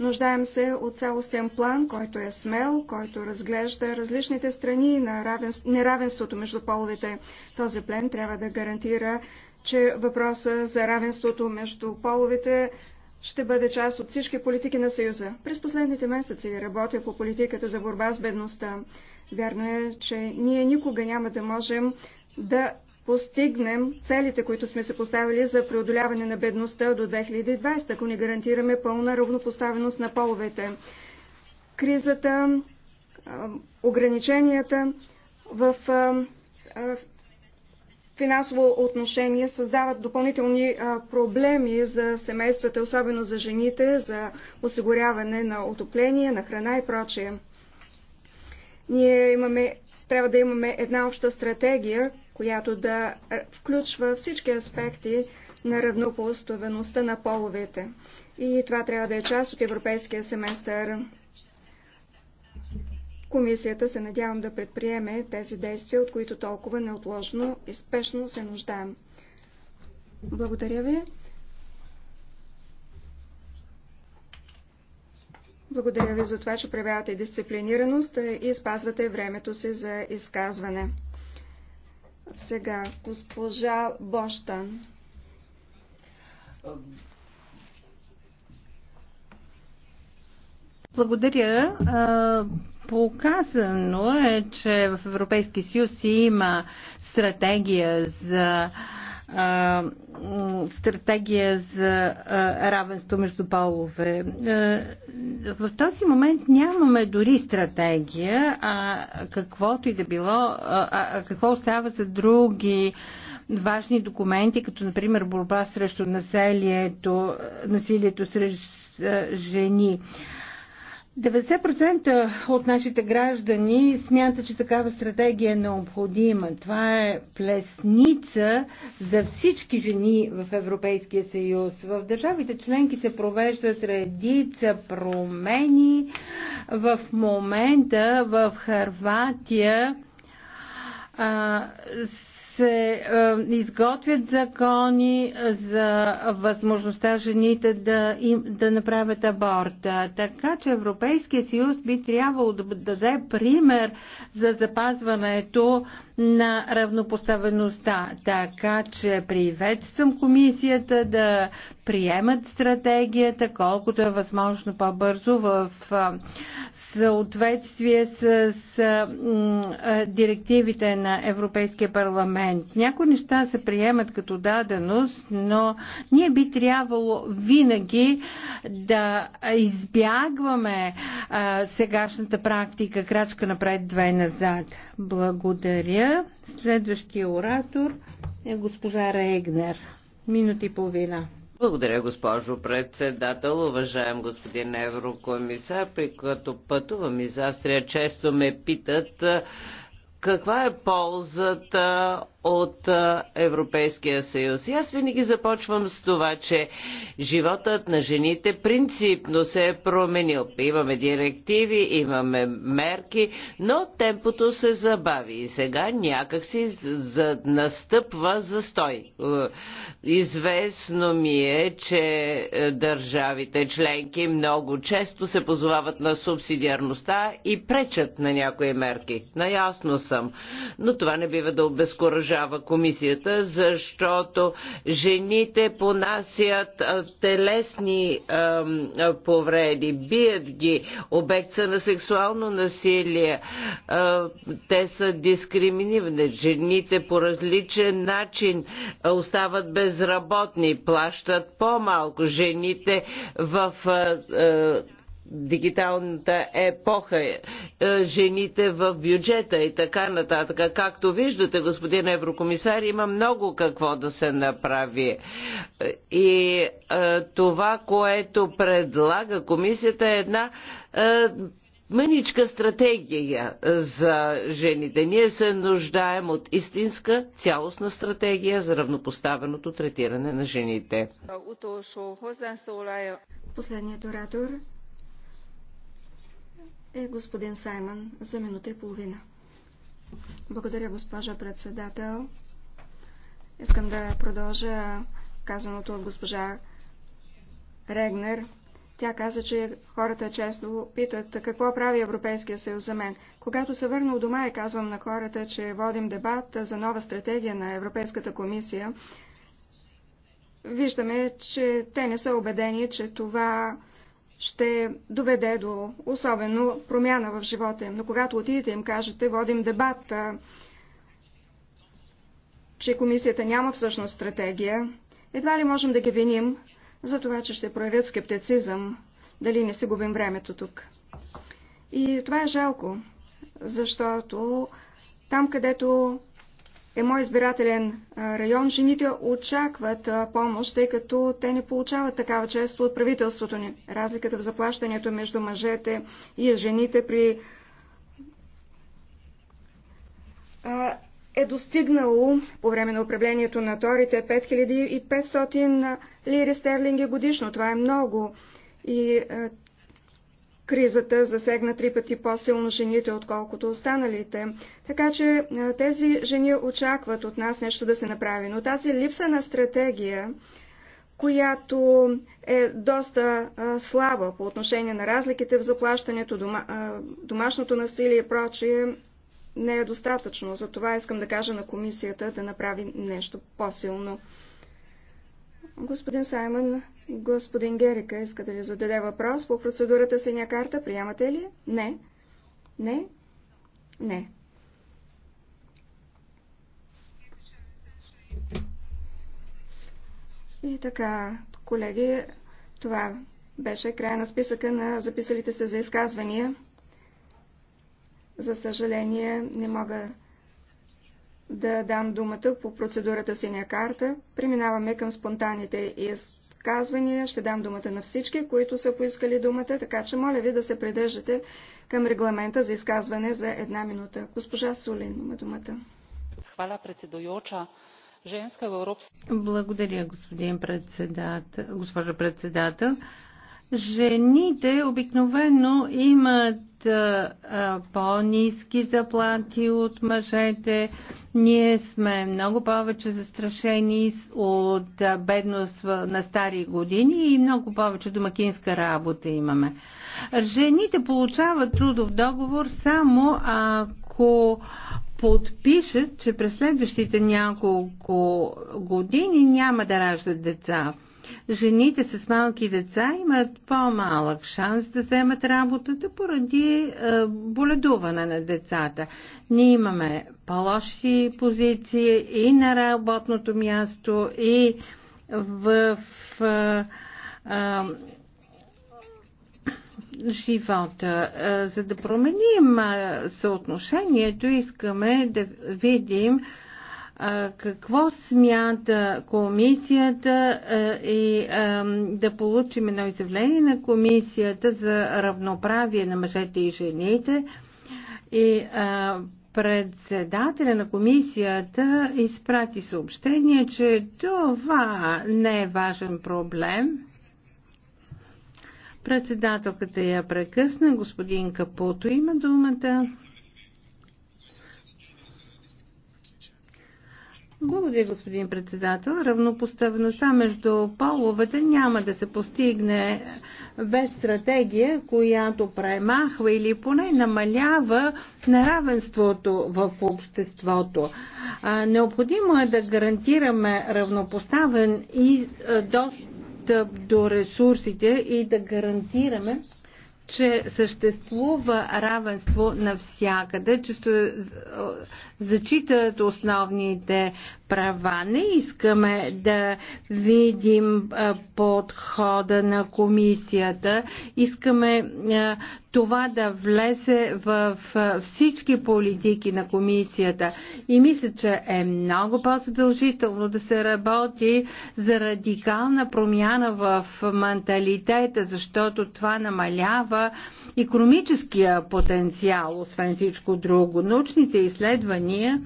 Нуждаем се от цялостен план, който е смел, който разглежда различните страни на равенство, неравенството между половете. Този плен трябва да гарантира, че въпроса за равенството между половете ще бъде част от всички политики на Съюза. През последните месеци работя по политиката за борба с бедността. Вярно е, че ние никога няма да можем да постигнем целите, които сме се поставили за преодоляване на бедността до 2020, ако не гарантираме пълна равнопоставеност на половете. Кризата, ограниченията в финансово отношение създават допълнителни проблеми за семействата, особено за жените, за осигуряване на отопление, на храна и прочее. Ние имаме, трябва да имаме една обща стратегия, която да включва всички аспекти на равнопоставеността на половете. И това трябва да е част от европейския семестър. Комисията се надявам да предприеме тези действия, от които толкова неотложно и спешно се нуждаем. Благодаря ви. Благодаря ви за това, че проявявате дисциплинираност и спазвате времето си за изказване. Сега, госпожа Бощан. Благодаря. Показано е, че в Европейски съюз има стратегия за стратегия за равенство между полове. в този момент нямаме дори стратегия, а каквото и да било, а, какво остава за други важни документи, като например борба срещу населието, насилието срещу жени. 90% от нашите граждани смятат, че такава стратегия е необходима. Това е плесница за всички жени в Европейския съюз. В държавите членки се провеждат редица промени. В момента в Харватия а, се е, изготвят закони за възможността жените да, им, да направят аборта. Така че Европейския съюз би трябвало да даде пример за запазването на равнопоставеността. Така че приветствам комисията да приемат стратегията, колкото е възможно по-бързо в съответствие с директивите на Европейския парламент. Някои неща се приемат като даденост, но ние би трябвало винаги да избягваме сегашната практика крачка напред, две назад. Благодаря. Следващия оратор е госпожа Рейгнер. Минути и половина. Благодаря, госпожо председател. Уважаем господин еврокомисар, при като пътувам из Австрия, често ме питат каква е ползата от Европейския съюз. И аз винаги започвам с това, че животът на жените принципно се е променил. Имаме директиви, имаме мерки, но темпото се забави и сега някакси за, настъпва застой. Е, известно ми е, че е, държавите членки много често се позовават на субсидиарността и пречат на някои мерки. Наясно съм. Но това не бива да обезкуража решава комисията, защото жените понасят телесни повреди, бият ги, обект са на сексуално насилие, те са дискриминирани. Жените по различен начин остават безработни, плащат по-малко. Жените в дигиталната епоха, е, жените в бюджета и така нататък. Както виждате, господин еврокомисар, има много какво да се направи. Е, и е, това, което предлага комисията е една мъничка стратегия за жените. Ние се нуждаем от истинска цялостна стратегия за равнопоставеното третиране на жените. Последният оратор е господин Саймън за минута и половина. Благодаря, госпожа председател. Искам да продължа казаното от госпожа Регнер. Тя каза, че хората често питат какво прави Европейския съюз за мен. Когато се върна у дома и казвам на хората, че водим дебат за нова стратегия на Европейската комисия, виждаме, че те не са убедени, че това ще доведе до особено промяна в живота им. Но когато отидете им кажете, водим дебат, че комисията няма всъщност стратегия, едва ли можем да ги виним за това, че ще проявят скептицизъм, дали не си губим времето тук. И това е жалко, защото там, където е мой избирателен район, жените очакват помощ, тъй като те не получават такава често от правителството ни. Разликата в заплащането между мъжете и жените при е достигнало по време на управлението на Торите 5500 лири стерлинги годишно. Това е много. И Кризата засегна три пъти по-силно жените, отколкото останалите. Така че тези жени очакват от нас нещо да се направи. Но тази липса на стратегия, която е доста а, слаба по отношение на разликите в заплащането, дома, а, домашното насилие и прочие, не е достатъчно. Затова искам да кажа на комисията да направи нещо по-силно. Господин Саймън, Господин Герика иска да ви зададе въпрос по процедурата синя карта. Приемате ли? Не. Не. Не. И така, колеги, това беше края на списъка на записалите се за изказвания. За съжаление, не мога да дам думата по процедурата синя карта. Преминаваме към спонтанните изказвания изказвания. Ще дам думата на всички, които са поискали думата, така че моля ви да се придържате към регламента за изказване за една минута. Госпожа Сулин има думата. Хвала председуюча. Женска в Европа. Благодаря, господин председател, госпожа председател. Жените обикновено имат по-низки заплати от мъжете. Ние сме много повече застрашени от бедност на стари години и много повече домакинска работа имаме. Жените получават трудов договор само ако подпишат, че през следващите няколко години няма да раждат деца жените с малки деца имат по-малък шанс да вземат работата поради е, боледуване на децата. Ние имаме по-лоши позиции и на работното място, и в е, е, живота. За да променим съотношението, искаме да видим какво смята комисията и да получим едно изявление на комисията за равноправие на мъжете и жените и председателя на комисията изпрати съобщение, че това не е важен проблем. Председателката я прекъсна. Господин Капуто има думата. Благодаря, господин председател. Равнопоставеността между половете няма да се постигне без стратегия, която премахва или поне намалява неравенството в обществото. Необходимо е да гарантираме равнопоставен и достъп до ресурсите и да гарантираме че съществува равенство навсякъде, че се зачитат основните права. Не искаме да видим подхода на комисията. Искаме това да влезе в всички политики на комисията. И мисля, че е много по-задължително да се работи за радикална промяна в менталитета, защото това намалява економическия потенциал, освен всичко друго. Научните изследвания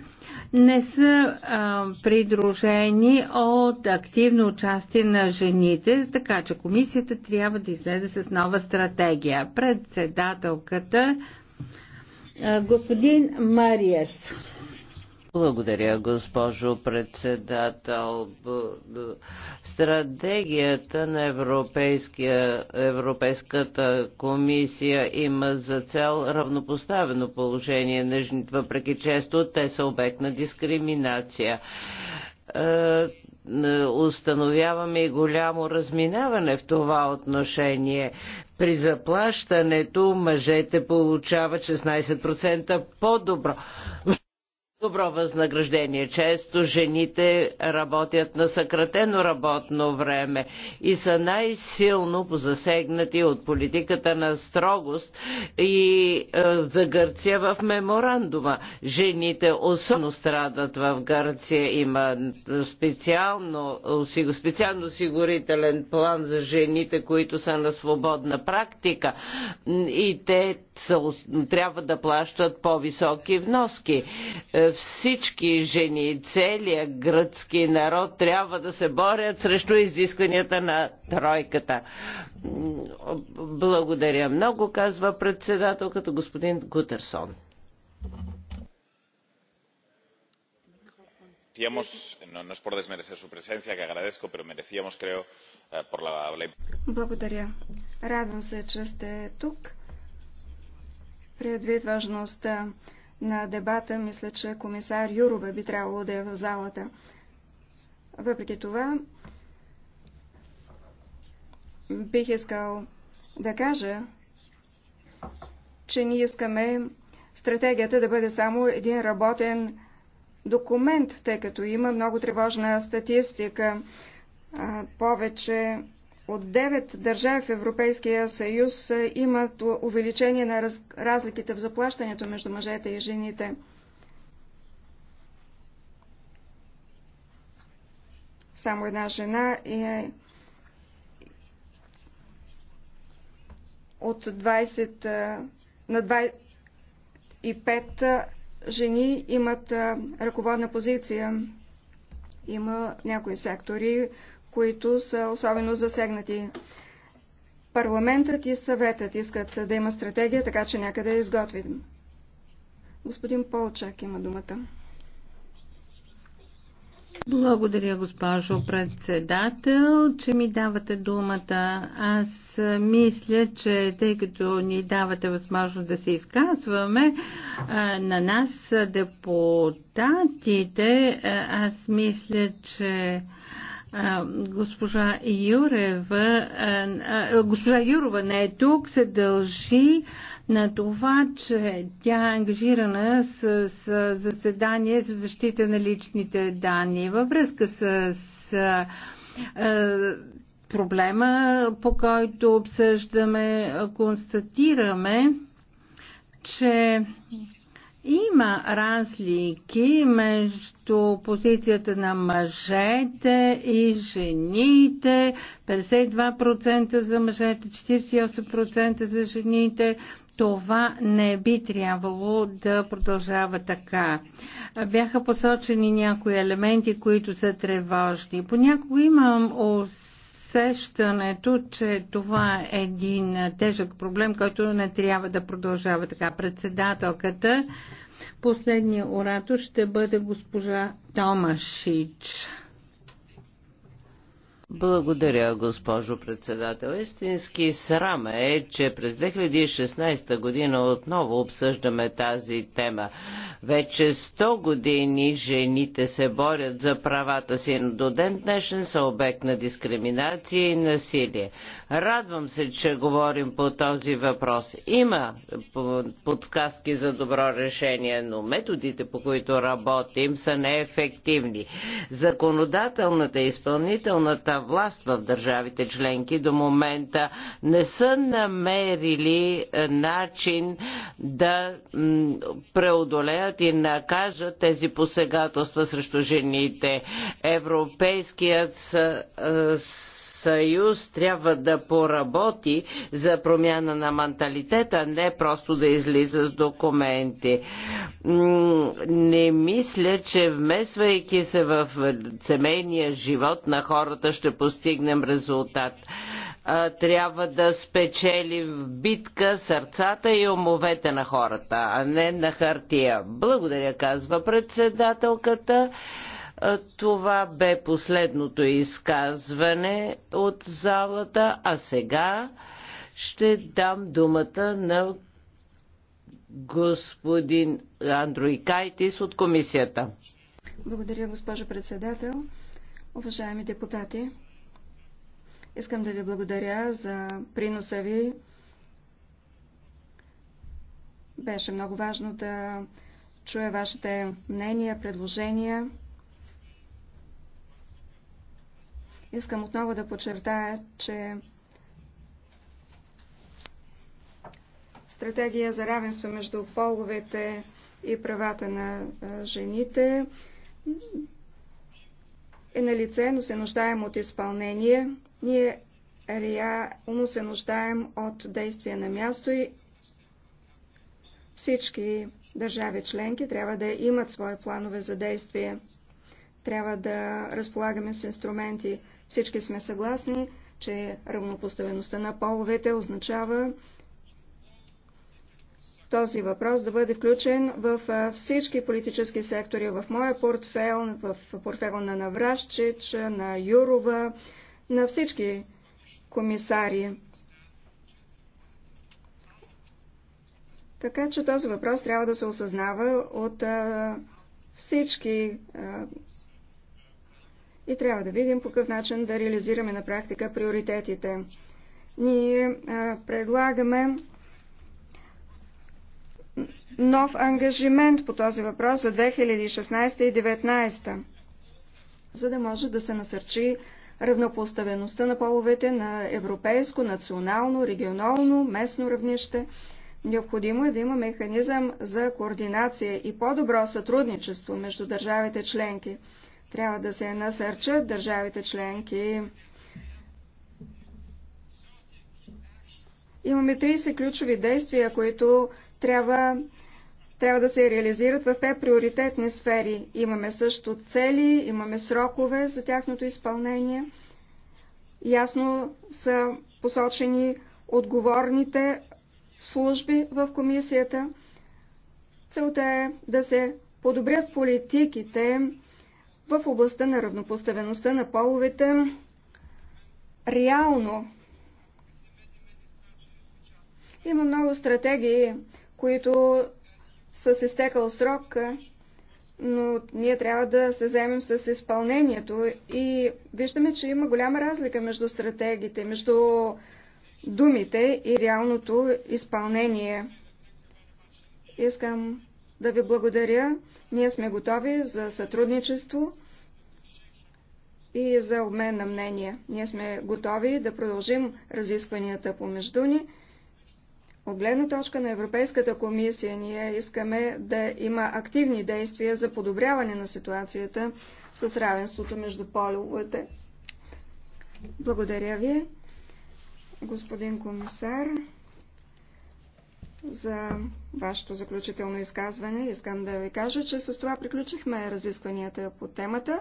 не са а, придружени от активно участие на жените, така че комисията трябва да излезе с нова стратегия. Председателката господин Мариес. Благодаря, госпожо председател. Стратегията на Европейския, Европейската комисия има за цел равнопоставено положение, въпреки често те са обект на дискриминация е, е, установяваме и голямо разминаване в това отношение. При заплащането мъжете получават 16% по-добро добро възнаграждение. Често жените работят на съкратено работно време и са най-силно засегнати от политиката на строгост и е, за Гърция в меморандума. Жените особено страдат в Гърция. Има специално, специално осигурителен план за жените, които са на свободна практика и те трябва да плащат по-високи вноски. Е, всички жени, целият гръцки народ трябва да се борят срещу изискванията на тройката. Благодаря много, казва председателката господин Гутерсон. Eh, Благодаря. Радвам се, че сте тук. Предвид важността на дебата, мисля, че комисар Юрова би трябвало да е в залата. Въпреки това, бих искал да кажа, че ние искаме стратегията да бъде само един работен документ, тъй като има много тревожна статистика. повече от 9 държави в Европейския съюз е, имат увеличение на раз... разликите в заплащането между мъжете и жените. Само една жена е от 20 е, на 25 жени имат е, ръководна позиция. Има някои сектори, които са особено засегнати. Парламентът и съветът искат да има стратегия, така че някъде я изготвим. Господин Полчак има думата. Благодаря, госпожо председател, че ми давате думата. Аз мисля, че тъй като ни давате възможност да се изказваме, на нас депутатите, аз мисля, че Госпожа Юрева, госпожа Юрова не е тук, се дължи на това, че тя е ангажирана с, с заседание за защита на личните данни. Във връзка с, с проблема, по който обсъждаме, констатираме, че има разлики между позицията на мъжете и жените. 52% за мъжете, 48% за жените. Това не би трябвало да продължава така. Бяха посочени някои елементи, които са тревожни. Понякога имам усещане, усещането, че това е един тежък проблем, който не трябва да продължава така. Председателката, последния оратор ще бъде госпожа Томашич. Благодаря, госпожо председател. Истински срам е, че през 2016 година отново обсъждаме тази тема. Вече 100 години жените се борят за правата си, но до ден днешен са обект на дискриминация и насилие. Радвам се, че говорим по този въпрос. Има подсказки за добро решение, но методите, по които работим, са неефективни. Законодателната и изпълнителната власт в държавите членки до момента не са намерили е, начин да преодолеят и накажат тези посегателства срещу жените. Европейският е, съюз трябва да поработи за промяна на менталитета, а не просто да излиза с документи. Не мисля, че вмесвайки се в семейния живот на хората ще постигнем резултат трябва да спечели в битка сърцата и умовете на хората, а не на хартия. Благодаря, казва председателката. Това бе последното изказване от залата, а сега ще дам думата на господин Андрой Кайтис от комисията. Благодаря, госпожо председател. Уважаеми депутати, искам да ви благодаря за приноса ви. Беше много важно да чуя вашите мнения, предложения. Искам отново да подчертая, че стратегия за равенство между половете и правата на жените е на лице, но се нуждаем от изпълнение. Ние реално се нуждаем от действие на място и всички държави членки трябва да имат свои планове за действие. Трябва да разполагаме с инструменти. Всички сме съгласни, че равнопоставеността на половете означава този въпрос да бъде включен в всички политически сектори, в моя портфел, в портфела на Навращич, на Юрова, на всички комисари. Така че този въпрос трябва да се осъзнава от всички а, и трябва да видим по какъв начин да реализираме на практика приоритетите. Ние предлагаме нов ангажимент по този въпрос за 2016 и 2019, за да може да се насърчи равнопоставеността на половете на европейско, национално, регионално, местно равнище. Необходимо е да има механизъм за координация и по-добро сътрудничество между държавите членки. Трябва да се насърчат държавите членки. Имаме 30 ключови действия, които трябва, трябва да се реализират в 5 приоритетни сфери. Имаме също цели, имаме срокове за тяхното изпълнение. Ясно са посочени отговорните служби в комисията. Целта е да се подобрят политиките в областта на равнопоставеността на половете реално. Има много стратегии, които са с изтекал срок, но ние трябва да се вземем с изпълнението и виждаме, че има голяма разлика между стратегиите, между думите и реалното изпълнение. Искам да ви благодаря. Ние сме готови за сътрудничество и за обмен на мнения. Ние сме готови да продължим разискванията помежду ни. От гледна точка на Европейската комисия ние искаме да има активни действия за подобряване на ситуацията с равенството между половете. Благодаря ви, господин комисар за вашето заключително изказване. Искам да ви кажа, че с това приключихме разискванията по темата.